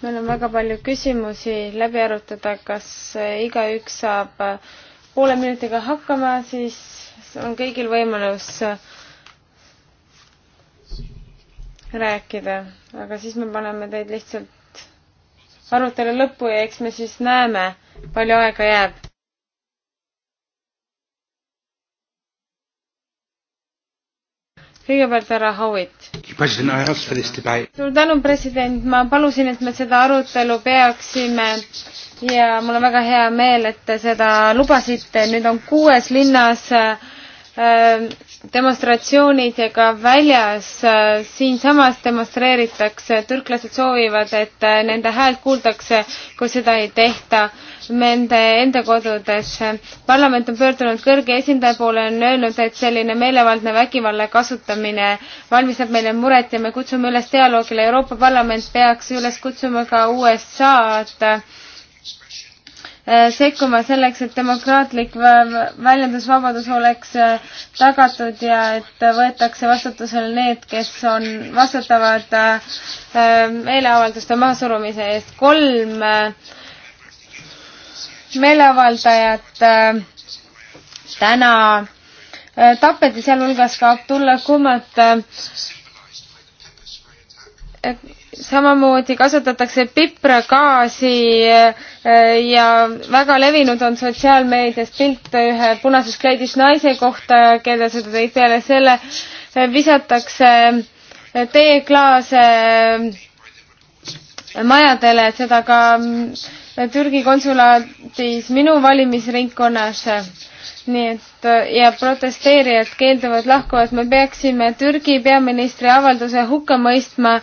meil on väga palju küsimusi läbi arutada, kas igaüks saab poole minutiga hakkama, siis on kõigil võimalus rääkida, aga siis me paneme teid lihtsalt arutelu lõppu ja eks me siis näeme, palju aega jääb. kõigepealt härra Howitt. suur tänu, president, ma palusin, et me seda arutelu peaksime ja mul on väga hea meel, et te seda lubasite. nüüd on kuues linnas äh, Äh, demonstratsioonid ja ka väljas äh, siinsamas demonstreeritakse, türklased soovivad, et äh, nende häält kuuldakse, kui seda ei tehta nende enda kodudes. parlament on pöördunud kõrge esindaja poole, on öelnud, et selline meelevaldne vägivalla kasutamine valmistab meile muret ja me kutsume üles dialoogile. Euroopa Parlament peaks üles kutsuma ka USA-d Äh, sekkuma selleks, et demokraatlik väljendusvabadus oleks äh, tagatud ja et võetakse vastutusele need, kes on vastutavad äh, meeleavalduste mahasurumise eest. kolm meeleavaldajat täna tapeti, sealhulgas ka Abdullah Kumat samamoodi kasutatakse pipragaasi äh, ja väga levinud on sotsiaalmeedias pilt ühe punases kleidis naise kohta, keda seda teid peale selle äh, visatakse äh, teeklaase majadele, et seda ka Türgi konsulaadis minu valimisringkonnas nii et ja protesteerijad keelduvad lahkuvad, me peaksime Türgi peaministri avalduse hukka mõistma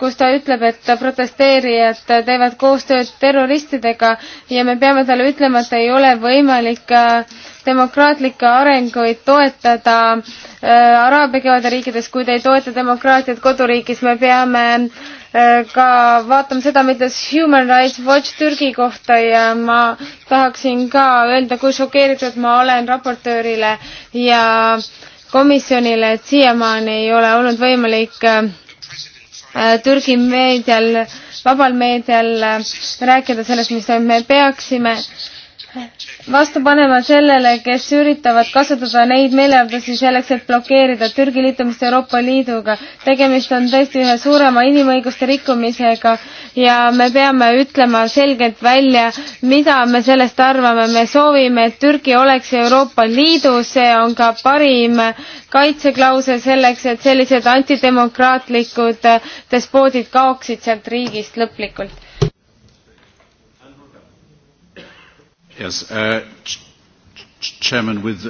kus ta ütleb, et protesteerijad teevad koostööd terroristidega ja me peame talle ütlema, et ei ole võimalik äh, demokraatlikke arenguid toetada äh, Araabia kevade riikides, kui te ei toeta demokraatiat koduriigis, me peame äh, ka vaatama seda, mida Human Rights Watch Türgi kohta ja ma tahaksin ka öelda, kui šokeeritud ma olen raportöörile ja komisjonile, et siiamaani ei ole olnud võimalik äh, Äh, Türgi meedial, vabal meedial äh, rääkida sellest, mis toimub, me peaksime vastu panema sellele, kes üritavad kasutada neid meeleavaldusi selleks, et blokeerida Türgi liitumist Euroopa Liiduga. tegemist on tõesti ühe suurema inimõiguste rikkumisega ja me peame ütlema selgelt välja, mida me sellest arvame. me soovime, et Türgi oleks Euroopa Liidus, see on ka parim kaitseklausel selleks, et sellised antidemokraatlikud despoodid kaoksid sealt riigist lõplikult Yes, uh, ch chairman, with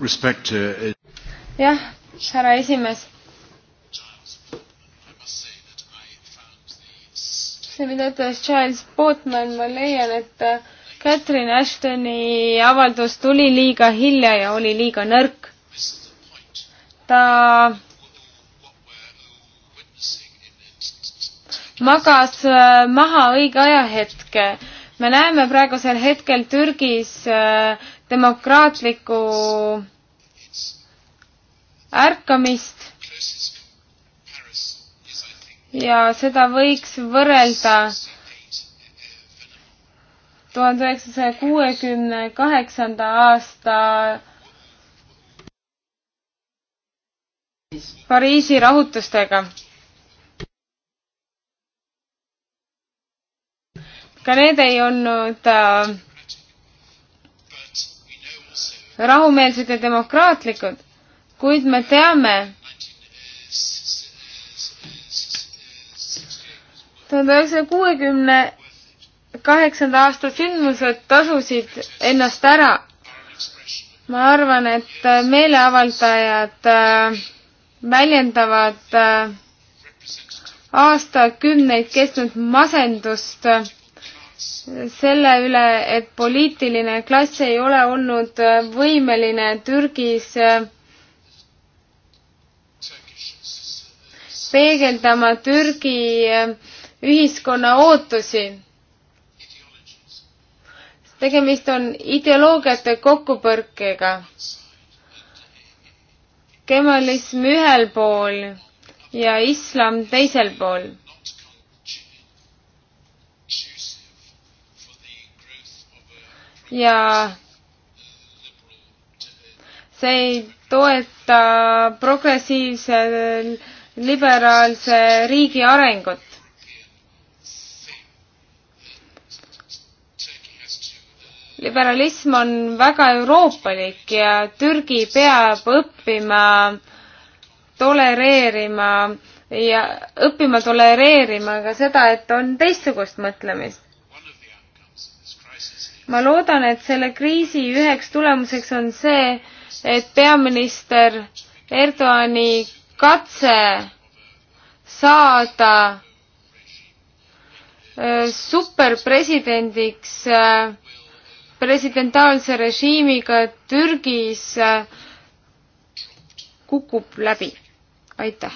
respect to... Uh, jah, härra esimees. see, mida ütles Charles Botman, ma leian, et äh, Catherine Ashtoni avaldus tuli liiga hilja ja oli liiga nõrk. ta magas äh, maha õige ajahetke me näeme praegusel hetkel Türgis äh, demokraatlikku ärkamist ja seda võiks võrrelda tuhande üheksasaja kuuekümne kaheksanda aasta Pariisi rahutustega ka need ei olnud äh, rahumeelsed ja demokraatlikud, kuid me teame, tuhande üheksasaja kuuekümne kaheksanda aasta sündmused tasusid ennast ära. ma arvan, et meeleavaldajad äh, väljendavad äh, aastakümneid kestnud masendust selle üle, et poliitiline klass ei ole olnud võimeline Türgis peegeldama Türgi ühiskonna ootusi. tegemist on ideoloogiate kokkupõrkega. kemalism ühel pool ja islam teisel pool ja see ei toeta progressiivse liberaalse riigi arengut. liberalism on väga euroopalik ja Türgi peab õppima tolereerima ja õppima tolereerima ka seda, et on teistsugust mõtlemist ma loodan, et selle kriisi üheks tulemuseks on see, et peaminister Erdoani katse saada äh, superpresidendiks äh, presidentaalse režiimiga Türgis äh, kukub läbi. aitäh!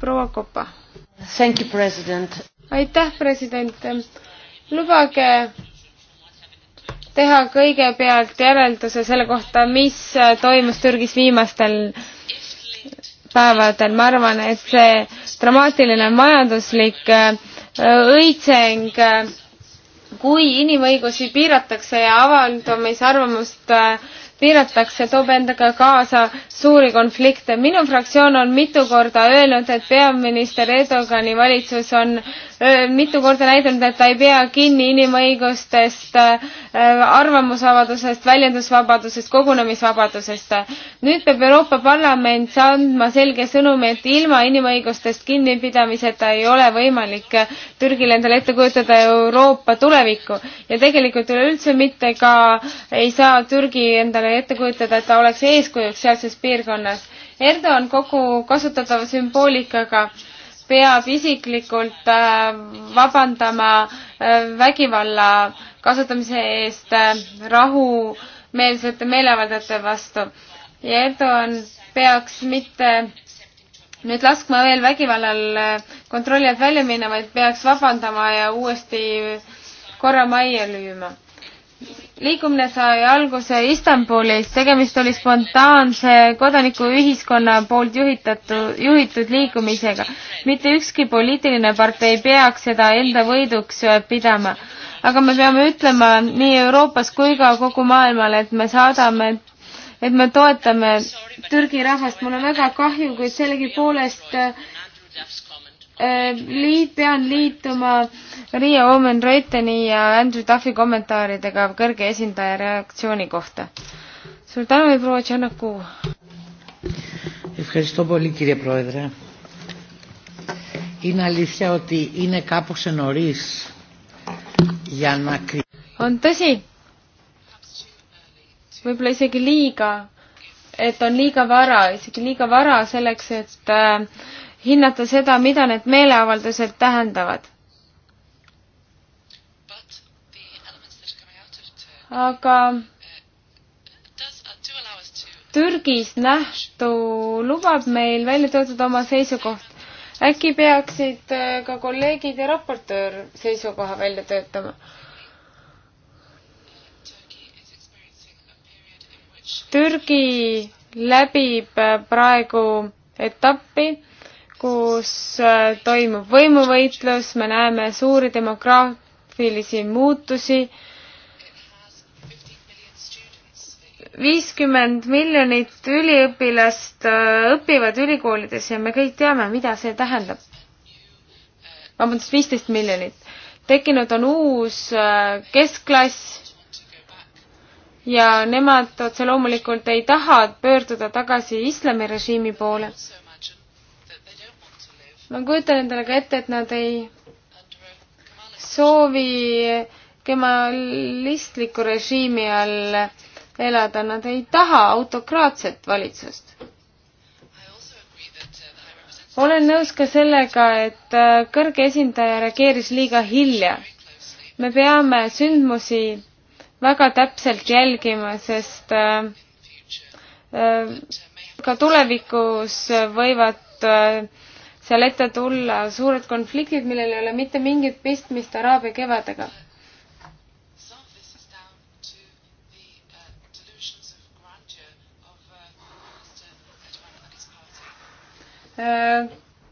proua Kopa. aitäh, president. lubage teha kõigepealt järelduse selle kohta, mis toimus Türgis viimastel päevadel. ma arvan, et see dramaatiline majanduslik äh, õitseng, äh, kui inimõigusi piiratakse ja avaldamisarvamust äh, piiratakse, toob endaga kaasa suuri konflikte. minu fraktsioon on mitu korda öelnud, et peaminister Erdogani valitsus on mitu korda näidanud, et ta ei pea kinni inimõigustest, arvamusvabadusest, väljendusvabadusest, kogunemisvabadusest. nüüd peab Euroopa Parlament andma selge sõnumi, et ilma inimõigustest kinnipidamiseta ei ole võimalik Türgil endale ette kujutada Euroopa tulevikku ja tegelikult üleüldse mitte ka ei saa Türgi endale ette kujutada, et ta oleks eeskujuks sealses piirkonnas. Erdoğan kogu kasutatava sümboolikaga peab isiklikult äh, vabandama äh, vägivalla kasutamise eest äh, rahumeelsete meeleavaldajate vastu. ja Erdoğan peaks mitte nüüd laskma veel vägivallal kontrolli alt välja minna, vaid peaks vabandama ja uuesti korra majja lüüma liikumine sai alguse Istanbulis, tegemist oli spontaanse kodanikuühiskonna poolt juhitatud, juhitud liikumisega. mitte ükski poliitiline partei peaks seda enda võiduks pidama. aga me peame ütlema nii Euroopas kui ka kogu maailmale, et me saadame, et me toetame Türgi rahvast. mul on väga kahju, kuid sellegipoolest Äh, liit, pean liituma Riia Omen-Reuteni ja Andrew Duffy kommentaaridega kõrge esindaja reaktsiooni kohta. suur tänu ja proua Tšernaku! Ευχαριστώ πολύ κύριε Πρόεδρε. Είναι αλήθεια ότι είναι κάπως νωρίς για να κρυφθεί. On tõsi, võib-olla isegi liiga, et on liiga vara, isegi liiga vara selleks, et äh, hinnata seda, mida need meeleavaldused tähendavad. aga Türgis nähtu lubab meil välja töötada oma seisukoht. äkki peaksid äh, ka kolleegid ja raportöör seisukoha välja töötama? Türgi läbib äh, praegu etappi, kus äh, toimub võimuvõitlus, me näeme suuri demograafilisi muutusi. viiskümmend miljonit üliõpilast äh, õpivad ülikoolides ja me kõik teame, mida see tähendab. vabandust, viisteist miljonit. tekkinud on uus äh, keskklass ja nemad otse loomulikult ei taha pöörduda tagasi islamirežiimi poole ma kujutan endale ka ette, et nad ei soovi kemalistliku režiimi all elada, nad ei taha autokraatset valitsust. olen nõus ka sellega, et äh, kõrge esindaja reageeris liiga hilja. me peame sündmusi väga täpselt jälgima, sest äh, äh, ka tulevikus võivad seal ette tulla suured konfliktid, millel ei ole mitte mingit pistmist Araabia kevadega.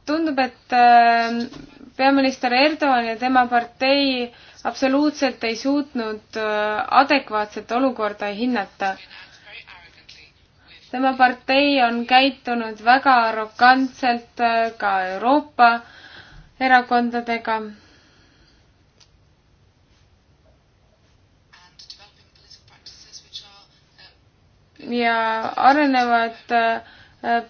tundub, et äh, peaminister Erdoğan ja tema partei absoluutselt ei suutnud äh, adekvaatset olukorda hinnata tema partei on käitunud väga arrogantselt äh, ka Euroopa erakondadega. ja arenevad äh,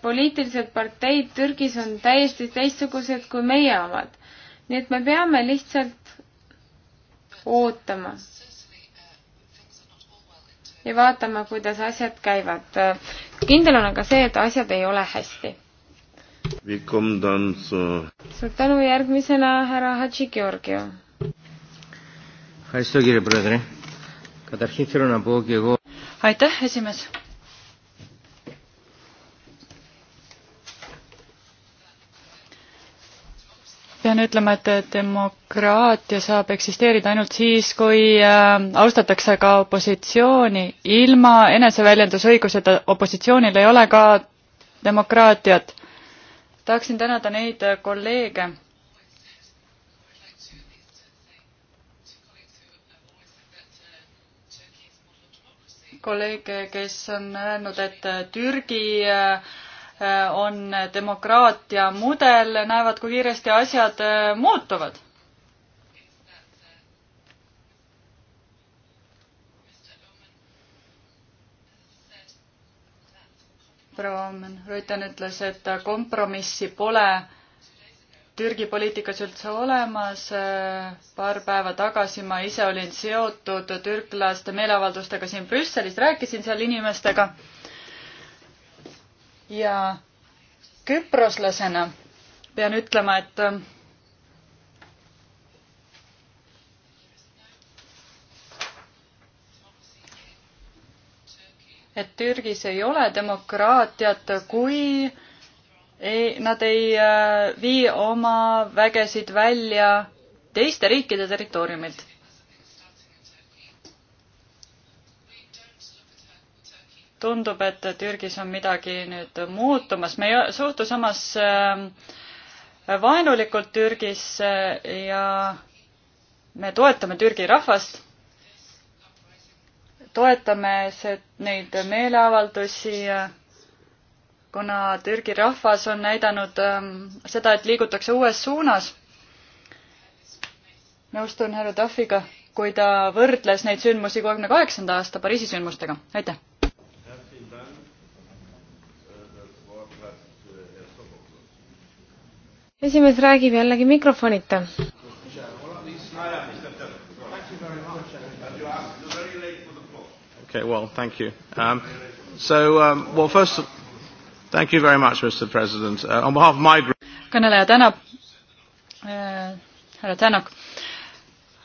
poliitilised parteid Türgis on täiesti teistsugused kui meie omad. nii et me peame lihtsalt ootama ja vaatama, kuidas asjad käivad kindel on aga see, et asjad ei ole hästi. suur tänu, järgmisena härra Hadži Georgiev. aitäh, esimees pean ütlema, et demokraatia saab eksisteerida ainult siis, kui äh, austatakse ka opositsiooni. ilma eneseväljendusõiguseta opositsioonil ei ole ka demokraatiat. tahaksin tänada neid äh, kolleege, kolleege, kes on öelnud, et äh, Türgi äh, Äh, on demokraatia mudel, näevad, kui kiiresti asjad äh, muutuvad. proua Omen Rüütan ütles, et kompromissi pole Türgi poliitikas üldse olemas. Äh, paar päeva tagasi ma ise olin seotud türklaste meeleavaldustega siin Brüsselis, rääkisin seal inimestega ja küproslasena pean ütlema, et et Türgis ei ole demokraatiat, kui ei, nad ei äh, vii oma vägesid välja teiste riikide territooriumilt tundub, et Türgis on midagi nüüd muutumas. me ei suhtu samas äh, vaenulikult Türgisse ja me toetame Türgi rahvast, toetame neid meeleavaldusi, kuna Türgi rahvas on näidanud ähm, seda, et liigutakse uues suunas. nõustun härra Tahviga, kui ta võrdles neid sündmusi kolmekümne kaheksanda aasta Pariisi sündmustega. aitäh! esimees räägib jällegi mikrofonita. Okay, well, thank you. Um, so, um, well, first, thank you very much, Mr. President. Uh, on behalf of my group. kõneleja tänab äh,, härra Tänak.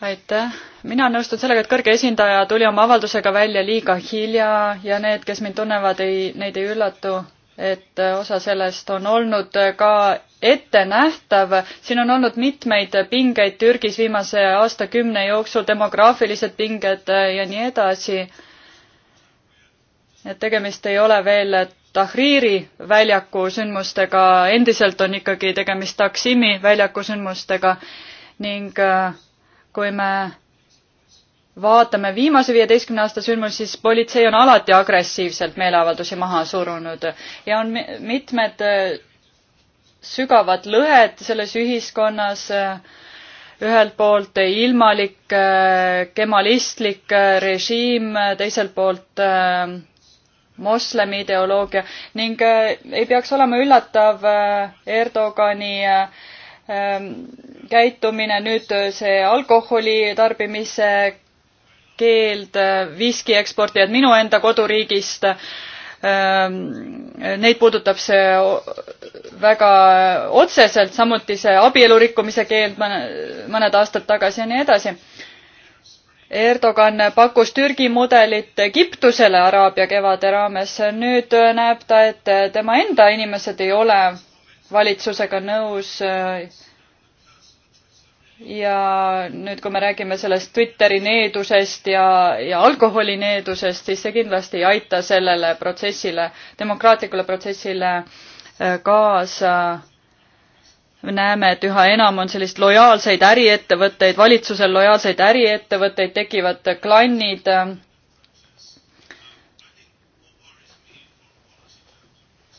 aitäh, mina nõustun sellega, et kõrge esindaja tuli oma avaldusega välja liiga hilja ja need, kes mind tunnevad, ei, neid ei üllatu et osa sellest on olnud ka ettenähtav, siin on olnud mitmeid pingeid Türgis viimase aastakümne jooksul, demograafilised pinged ja nii edasi. et tegemist ei ole veel Tahriri väljaku sündmustega, endiselt on ikkagi tegemist Taksimi väljaku sündmustega ning äh, kui me vaatame viimase viieteistkümne aasta sündmusi, siis politsei on alati agressiivselt meeleavaldusi maha surunud ja on mitmed äh, sügavad lõhed selles ühiskonnas. Äh, ühelt poolt ilmalik äh, kemalistlik režiim, teiselt poolt moslemi ideoloogia ning ei peaks olema üllatav Erdogani käitumine, nüüd see alkoholi tarbimise keeld viski eksportijad minu enda koduriigist. Ehm, neid puudutab see väga otseselt, samuti see abielu rikkumise keeld mõne, mõned aastad tagasi ja nii edasi. Erdogan pakkus Türgi mudelit Egiptusele Araabia kevade raames, nüüd näeb ta, et tema enda inimesed ei ole valitsusega nõus äh, ja nüüd, kui me räägime sellest Twitteri needusest ja, ja alkoholi needusest, siis see kindlasti ei aita sellele protsessile, demokraatlikule protsessile äh, kaasa. näeme, et üha enam on sellist lojaalseid äriettevõtteid, valitsusel lojaalseid äriettevõtteid, tekivad klannid äh,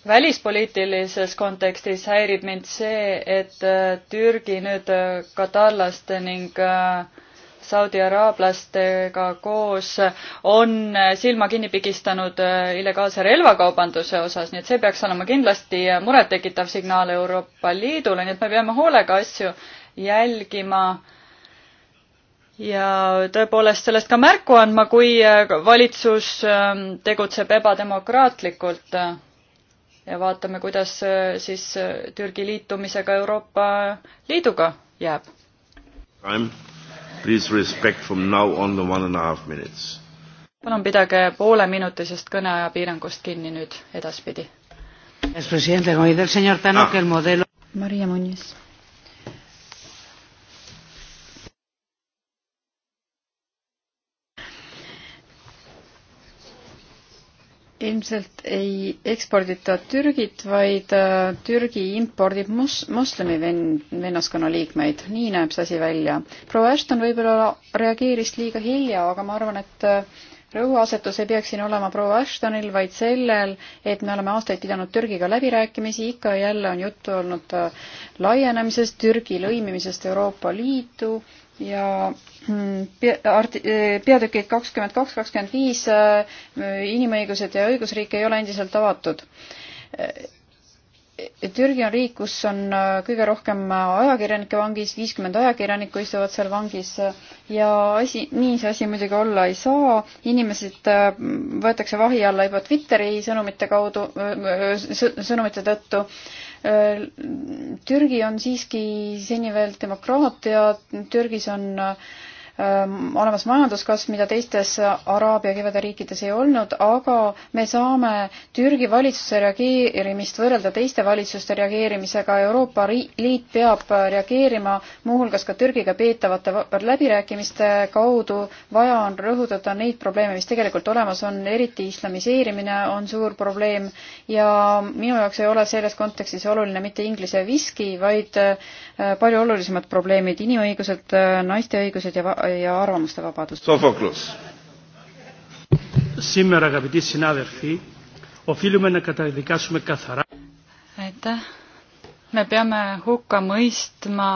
välispoliitilises kontekstis häirib mind see, et äh, Türgi nüüd äh, katarlaste ning äh, Saudi araablastega koos on silma kinni pigistanud illegaalse relvakaubanduse osas, nii et see peaks olema kindlasti murettekitav signaal Euroopa Liidule, nii et me peame hoolega asju jälgima ja tõepoolest sellest ka märku andma, kui valitsus ähm, tegutseb ebademokraatlikult ja vaatame, kuidas äh, siis äh, Türgi liitumisega Euroopa Liiduga jääb. palun pidage pooleminutisest kõneaja piirangust kinni nüüd edaspidi. Ah. Maria Muñiz ilmselt ei ekspordita Türgit, vaid äh, Türgi impordib mus-, moslemi ven-, vennaskonna liikmeid. nii näeb see asi välja. proua Ashton võib-olla reageeris liiga hilja, aga ma arvan, et äh, rõhuasetus ei peaks siin olema proua Ashtonil, vaid sellel, et me oleme aastaid pidanud Türgiga läbirääkimisi, ikka ja jälle on juttu olnud äh, laienemisest, Türgi lõimimisest Euroopa Liitu ja mm, e, peatükid kakskümmend kaks, kakskümmend viis, äh, inimõigused ja õigusriik ei ole endiselt avatud Türgi on riik, kus on äh, kõige rohkem äh, ajakirjanikke vangis, viiskümmend ajakirjanikku istuvad seal vangis äh, ja asi, nii see asi muidugi olla ei saa. inimesed võetakse vahi alla juba Twitteri sõnumite kaudu, sõnumite tõttu. Türgi on siiski seni veel demokraatia, Türgis on äh, Ähm, olemas majanduskasv, mida teistes Araabia kevade riikides ei olnud, aga me saame Türgi valitsuse reageerimist võrrelda teiste valitsuste reageerimisega. Euroopa Liit peab äh, reageerima muuhulgas ka Türgiga peetavate läbirääkimiste kaudu. vaja on rõhutada neid probleeme, mis tegelikult olemas on, eriti islamiseerimine on suur probleem ja minu jaoks ei ole selles kontekstis oluline mitte inglise viski, vaid äh, palju olulisemad probleemid, inimõigused, äh, naiste õigused ja ja arvamuste vabadust. Sofoklus. Σήμερα αγαπητοί συνάδελφοι, οφείλουμε να καταδικάσουμε καθαρά. Aitäh. Me peame hukka mõistma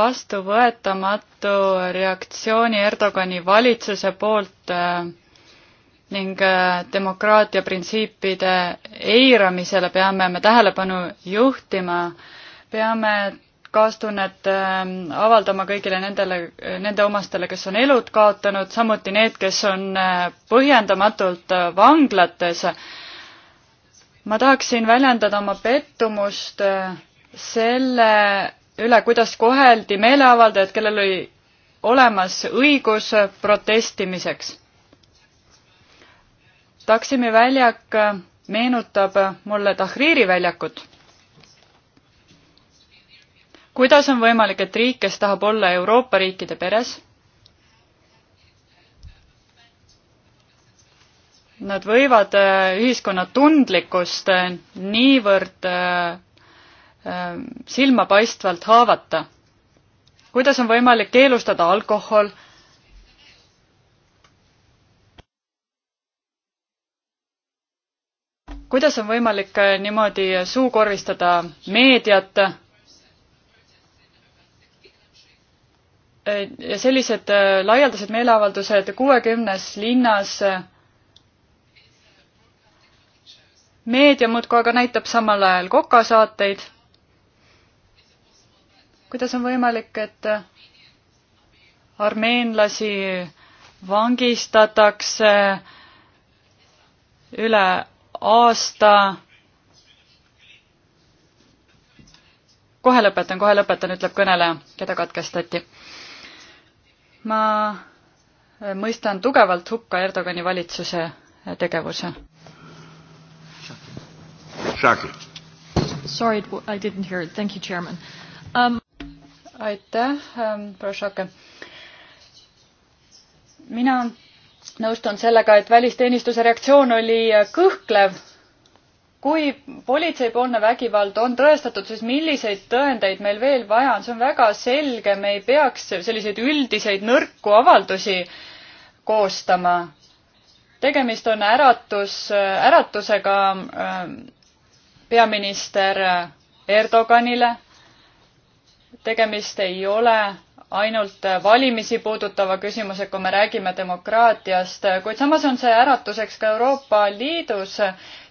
vastuvõetamatu reaktsiooni Erdogani valitsuse poolt äh, ning äh, demokraatia printsiipide eiramisele peame me tähelepanu juhtima. peame kaastunnet ähm, avaldama kõigile nendele, nende omastele, kes on elud kaotanud, samuti need, kes on äh, põhjendamatult äh, vanglates. ma tahaksin väljendada oma pettumust äh, selle üle, kuidas koheldi meeleavaldajad, kellel oli olemas õigus protestimiseks. Taksimi väljak meenutab mulle Tahriri väljakut kuidas on võimalik, et riik, kes tahab olla Euroopa riikide peres, nad võivad äh, ühiskonna tundlikkust äh, niivõrd äh, silmapaistvalt haavata. kuidas on võimalik keelustada alkohol? kuidas on võimalik niimoodi suukorvistada meediat? sellised äh, laialdased meeleavaldused kuuekümnes linnas. Äh, meedia muudkui aga näitab samal ajal kokasaateid. kuidas on võimalik, et äh, armeenlasi vangistatakse üle aasta kohe lõpetan, kohe lõpetan, ütleb kõneleja, keda katkestati ma mõistan tugevalt hukka Erdogani valitsuse tegevuse. Sorry, I didn't hear it. Thank you, chairman um.... aitäh um,, proua Šake. mina nõustun sellega, et välisteenistuse reaktsioon oli kõhklev kui politseipoolne vägivald on tõestatud, siis milliseid tõendeid meil veel vaja on, see on väga selge, me ei peaks selliseid üldiseid nõrku avaldusi koostama. tegemist on äratus, äratusega ähm, peaminister Erdoganile. tegemist ei ole ainult valimisi puudutava küsimusega, kui me räägime demokraatiast, kuid samas on see äratuseks ka Euroopa Liidus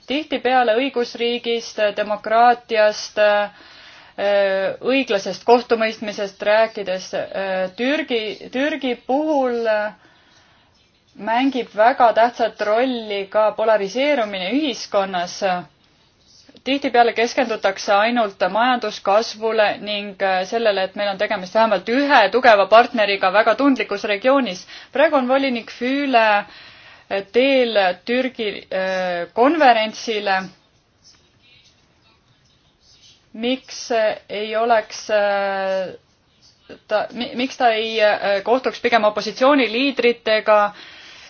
tihtipeale õigusriigist, demokraatiast, äh, õiglasest kohtumõistmisest rääkides äh, Türgi, Türgi puhul äh, mängib väga tähtsat rolli ka polariseerumine ühiskonnas. tihtipeale keskendutakse ainult majanduskasvule ning sellele, et meil on tegemist vähemalt ühe tugeva partneriga väga tundlikus regioonis. praegu on volinik Füüle äh, teel Türgi äh, konverentsile. miks ei oleks äh, ta, miks ta ei äh, kohtuks pigem opositsiooniliidritega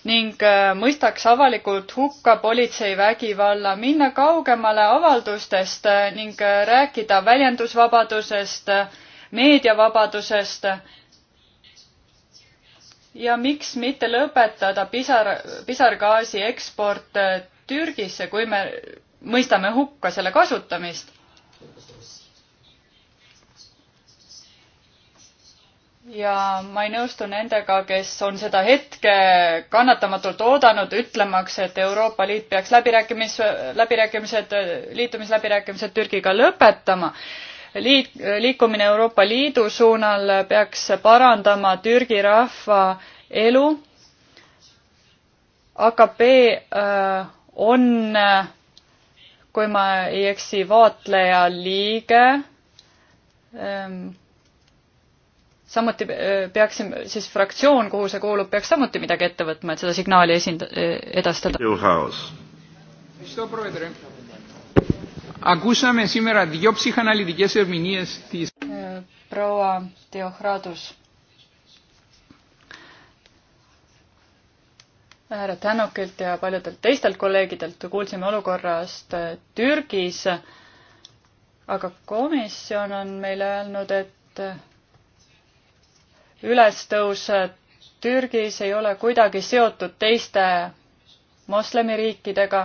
ning mõistaks avalikult hukka politsei vägivalla, minna kaugemale avaldustest ning rääkida väljendusvabadusest, meediavabadusest ja miks mitte lõpetada pisar, pisargaasi eksport äh, Türgisse, kui me mõistame hukka selle kasutamist? ja ma ei nõustu nendega, kes on seda hetke kannatamatult oodanud, ütlemaks, et Euroopa Liit peaks läbirääkimis, läbirääkimised, liitumisläbirääkimised Türgiga lõpetama liit, liikumine Euroopa Liidu suunal peaks parandama Türgi rahva elu. AKP äh, on, äh, kui ma ei eksi, vaatleja liige ähm,. samuti äh, peaksime, siis fraktsioon, kuhu see kuulub, peaks samuti midagi ette võtma, et seda signaali esind-, edastada. Ακούσαμε σήμερα δύο ψυχαναλυτικές ερμηνείες της... Proua Teohradus. härra Tänokilt ja paljudelt teistelt kolleegidelt kuulsime olukorrast äh, Türgis, aga komisjon on meile öelnud, et äh, ülestõus äh, Türgis ei ole kuidagi seotud teiste moslemiriikidega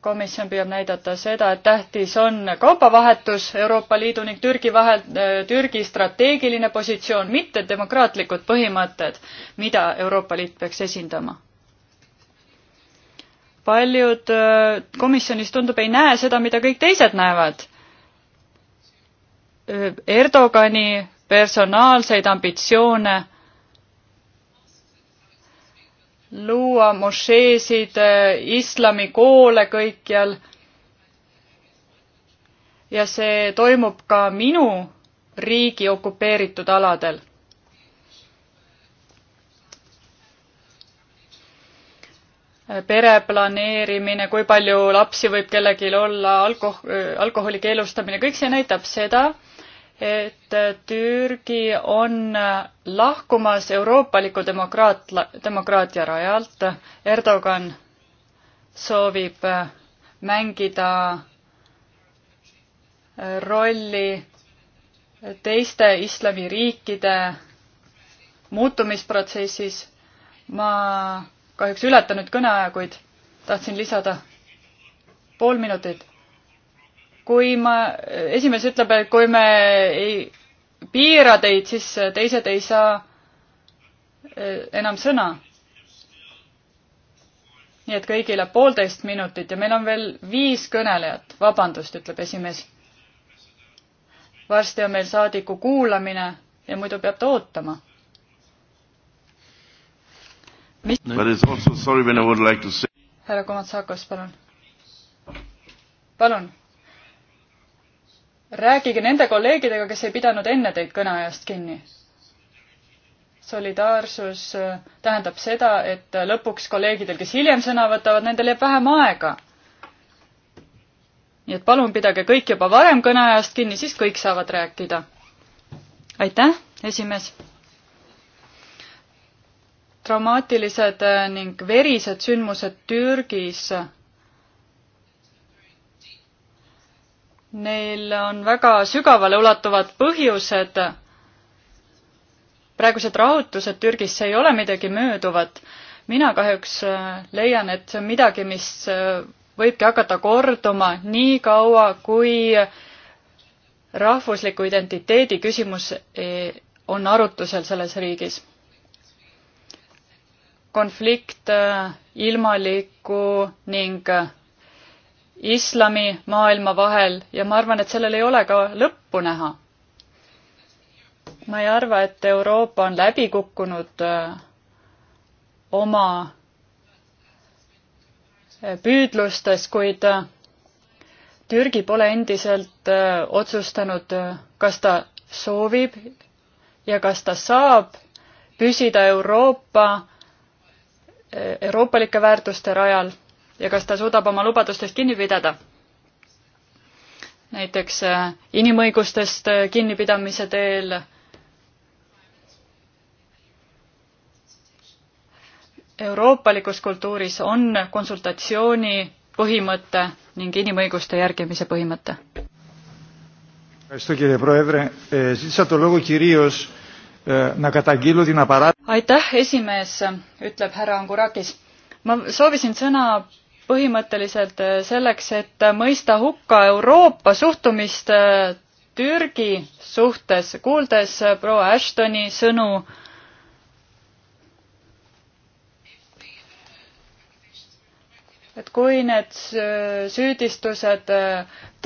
komisjon püüab näidata seda, et tähtis on kaubavahetus Euroopa Liidu ning Türgi vahel, äh, Türgi strateegiline positsioon, mitte demokraatlikud põhimõtted, mida Euroopa Liit peaks esindama. paljud äh, komisjonis, tundub, ei näe seda, mida kõik teised näevad. Äh, Erdogani personaalseid ambitsioone luua mošeesid, äh, islamikoole kõikjal. ja see toimub ka minu riigi okupeeritud aladel. Äh, pere planeerimine, kui palju lapsi võib kellelgi olla, alkoh-, äh, alkoholi keelustamine, kõik see näitab seda, et Türgi on lahkumas euroopaliku demokraatla-, demokraatia rajalt. Erdogan soovib mängida rolli teiste islamiriikide muutumisprotsessis. ma kahjuks ületan nüüd kõneaja, kuid tahtsin lisada pool minutit kui ma, esimees ütleb, et kui me ei piira teid, siis teised ei saa eh, enam sõna. nii et kõigile poolteist minutit ja meil on veel viis kõnelejat, vabandust, ütleb esimees. varsti on meil saadiku kuulamine ja muidu peab ta ootama. härra Komatsakos, palun. palun rääkige nende kolleegidega, kes ei pidanud enne teid kõneajast kinni. solidaarsus äh, tähendab seda, et lõpuks kolleegidel, kes hiljem sõna võtavad, nendel jääb vähem aega. nii et palun pidage kõik juba varem kõneajast kinni, siis kõik saavad rääkida. aitäh, esimees. traumaatilised äh, ning verised sündmused Türgis Neil on väga sügavale ulatuvad põhjused. praegused rahutused Türgis, see ei ole midagi mööduvat. mina kahjuks äh, leian, et see on midagi, mis äh, võibki hakata korduma nii kaua, kui rahvusliku identiteedi küsimus e, on arutusel selles riigis. konflikt äh, ilmaliku ning islamimaailma vahel ja ma arvan, et sellel ei ole ka lõppu näha. ma ei arva, et Euroopa on läbi kukkunud äh, oma äh, püüdlustes, kuid äh, Türgi pole endiselt otsustanud, kas ta soovib ja kas ta saab püsida Euroopa, euroopalike väärtuste rajal ja kas ta suudab oma lubadustest kinni pidada. näiteks äh, inimõigustest äh, kinnipidamise teel. Euroopalikus kultuuris on konsultatsiooni põhimõte ning inimõiguste järgimise põhimõte. aitäh, eh, eh, esimees, ütleb härra Angurakis. ma soovisin sõna põhimõtteliselt äh, selleks, et äh, mõista hukka Euroopa suhtumist äh, Türgi suhtes, kuuldes proua Ashtoni sõnu, et kui need süüdistused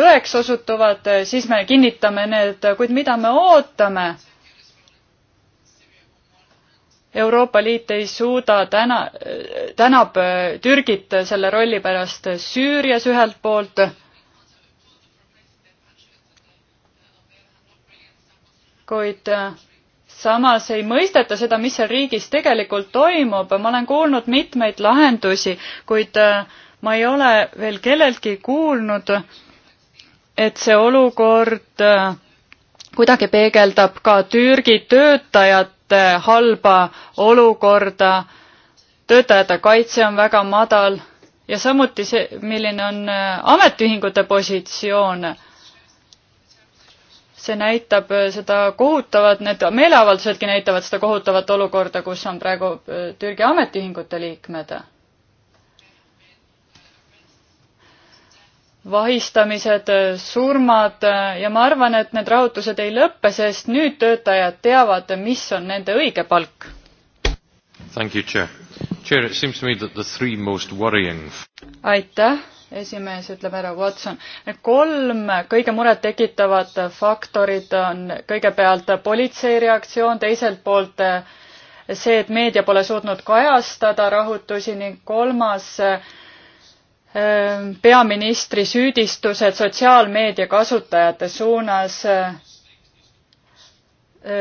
tõeks osutuvad, siis me kinnitame need, kuid mida me ootame Euroopa Liit ei suuda täna, tänab äh, Türgit selle rolli pärast Süürias ühelt poolt, kuid äh, samas ei mõisteta seda, mis seal riigis tegelikult toimub, ma olen kuulnud mitmeid lahendusi, kuid äh, ma ei ole veel kelleltki kuulnud, et see olukord kuidagi peegeldab ka Türgi töötajad, Äh, halba olukorda, töötajate kaitse on väga madal ja samuti see, milline on äh, ametiühingute positsioon. see näitab äh, seda kohutavat, need meeleavaldusedki näitavad seda kohutavat olukorda, kus on praegu Türgi ametiühingute liikmed vahistamised, surmad ja ma arvan, et need rahutused ei lõppe, sest nüüd töötajad teavad, mis on nende õige palk. aitäh, esimees ütleb härra Watson. Need kolm kõige murettekitavat faktorit on kõigepealt politsei reaktsioon, teiselt poolt see, et meedia pole suutnud kajastada rahutusi ning kolmas äh, Äh, peaministri süüdistused sotsiaalmeedia kasutajate suunas. Äh,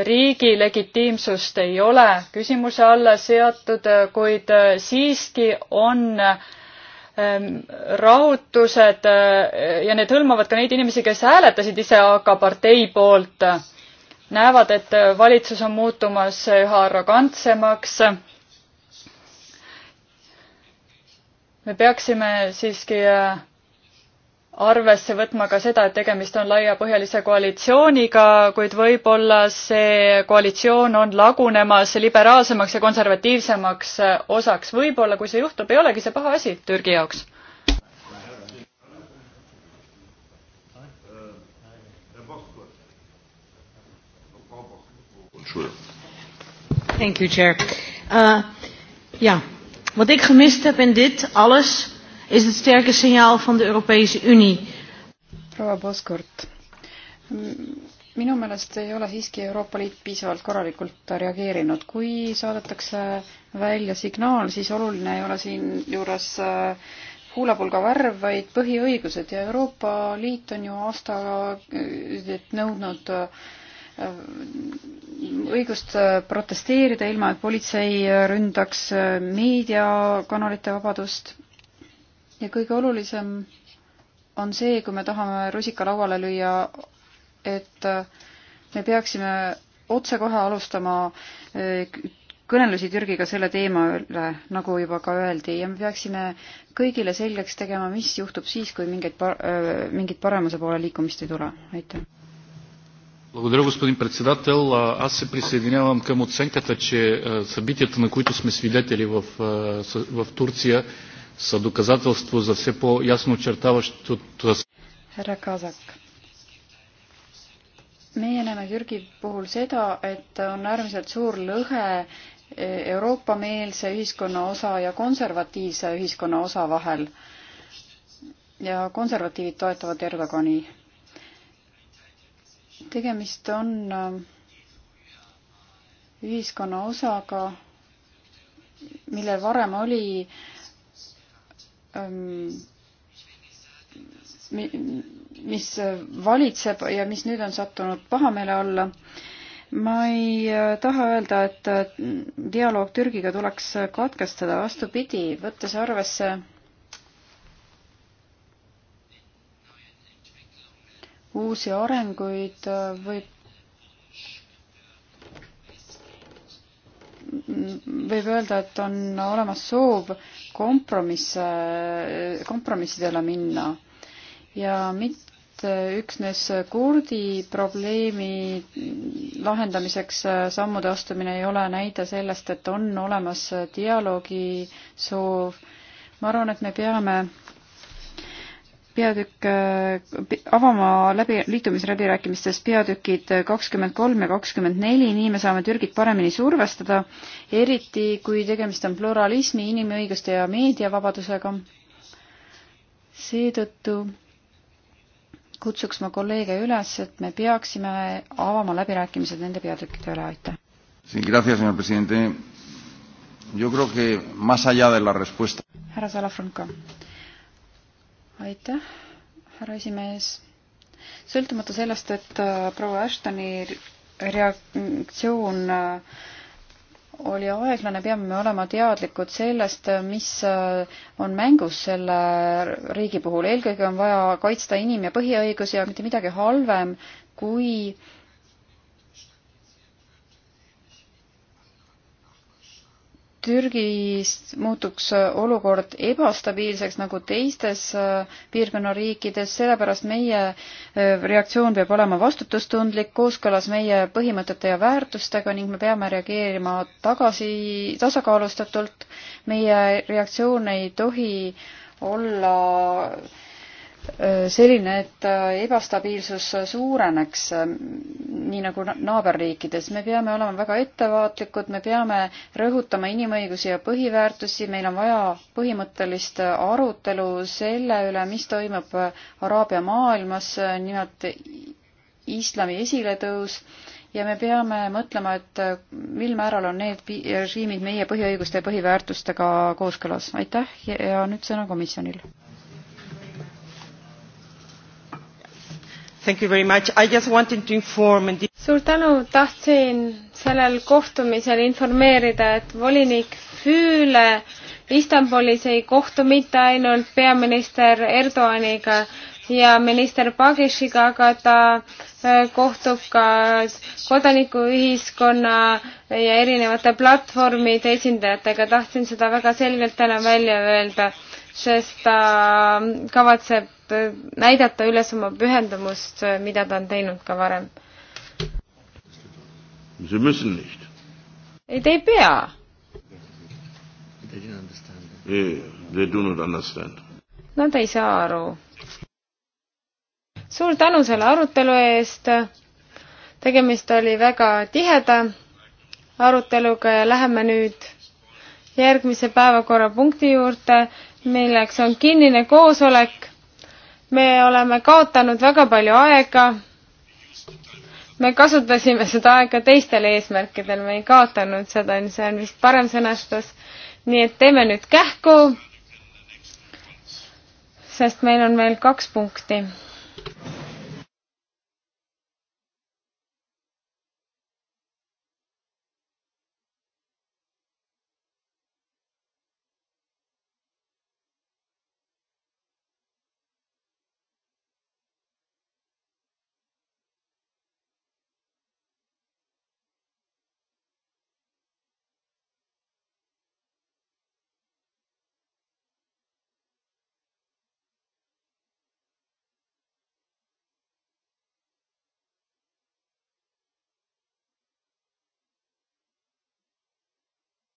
riigi legitiimsust ei ole küsimuse alla seatud, äh, kuid siiski on ähm, rahutused ja need hõlmavad ka neid inimesi, kes hääletasid ise AK partei poolt, näevad, et valitsus on muutumas üha arrogantsemaks me peaksime siiski äh, arvesse võtma ka seda, et tegemist on laiapõhjalise koalitsiooniga, kuid võib-olla see koalitsioon on lagunemas liberaalsemaks ja konservatiivsemaks äh, osaks. võib-olla, kui see juhtub, ei olegi see paha asi Türgi jaoks. Thank you, Chair. Uh, yeah, Wat ik gemist heb in dit alles is het sterke signaal van de Europese Unie. proua Poskurt, minu meelest ei ole siiski Euroopa Liit piisavalt korralikult reageerinud. kui saadetakse välja signaal, siis oluline ei ole siinjuures äh, huulepulga värv, vaid põhiõigused ja Euroopa Liit on ju aastaid äh, nõudnud äh, õigust äh, protesteerida, ilma et politsei äh, ründaks äh, meediakanalite vabadust. ja kõige olulisem on see, kui me tahame rusika lauale lüüa, et me peaksime otsekohe alustama kõnelusi Türgiga selle teema üle, nagu juba ka öeldi, ja me peaksime kõigile selgeks tegema, mis juhtub siis, kui mingeid, mingit paremuse poole liikumist ei tule. aitäh! Благодаря, господин председател. Аз се присъединявам към оценката, че събитията, на които сме свидетели в, в Турция, са доказателство за все по-ясно очертаващото. härra Kaasak. meie näeme Türgi puhul seda, et on äärmiselt suur lõhe e, Euroopa-meelse ühiskonna osa ja konservatiivse ühiskonna osa vahel. ja konservatiivid toetavad Erdogani tegemist on äh, ühiskonna osaga, millel varem oli ähm, mis valitseb ja mis nüüd on sattunud pahameele alla. ma ei äh, taha öelda, et äh, dialoog Türgiga tuleks katkestada, vastupidi, võttes arvesse uusi arenguid äh, võib võib öelda, et on olemas soov kompromisse, kompromissidele minna ja mitte üksnes kurdi probleemi lahendamiseks sammude astumine ei ole näide sellest, et on olemas dialoogi soov. ma arvan, et me peame peatükk, äh, avama läbi, liitumisläbirääkimistes peatükid kakskümmend kolm ja kakskümmend neli, nii me saame Türgit paremini survestada, eriti kui tegemist on pluralismi, inimõiguste ja meediavabadusega. seetõttu kutsuks ma kolleege üles, et me peaksime avama läbirääkimised nende peatükkide üle, aitäh. härra Salafranca aitäh, härra esimees. sõltumata sellest, et äh, proua Ashtoni reaktsioon äh, oli aeglane, peame me olema teadlikud sellest, äh, mis on mängus selle riigi puhul. eelkõige on vaja kaitsta inim- ja põhiõigusi ja mitte midagi halvem, kui äh, Türgis muutuks äh, olukord ebastabiilseks nagu teistes äh, piirkonna riikides, sellepärast meie äh, reaktsioon peab olema vastutustundlik, kooskõlas meie põhimõtete ja väärtustega ning me peame reageerima tagasi, tasakaalustatult. meie reaktsioon ei tohi olla äh, Äh, selline, et äh, ebastabiilsus äh, suureneks, nii nagu naaberriikides. me peame olema väga ettevaatlikud, me peame rõhutama inimõigusi ja põhiväärtusi, meil on vaja põhimõttelist arutelu selle üle, mis toimub Araabia maailmas, nimelt islami esiletõus, ja me peame mõtlema, et mil määral on need režiimid meie põhiõiguste ja põhiväärtustega kooskõlas. aitäh ja nüüd sõna komisjonile And... suur tänu, tahtsin sellel kohtumisel informeerida, et volinik Füüle Istanbulis ei kohtu mitte ainult peaminister Erdoganiga ja minister Pagishiga, aga ta äh, kohtub ka kodanikuühiskonna ja erinevate platvormide esindajatega. tahtsin seda väga selgelt täna välja öelda, sest ta äh, kavatseb Äh, näidata üles oma pühendumust, äh, mida ta on teinud ka varem. ei, te ei pea. Nad ei saa aru. suur tänu selle arutelu eest. tegemist oli väga tiheda aruteluga ja läheme nüüd järgmise päevakorrapunkti juurde, milleks on kinnine koosolek me oleme kaotanud väga palju aega. me kasutasime seda aega teistel eesmärkidel, me ei kaotanud seda, see on vist parem sõnastus. nii et teeme nüüd kähku. sest meil on veel kaks punkti.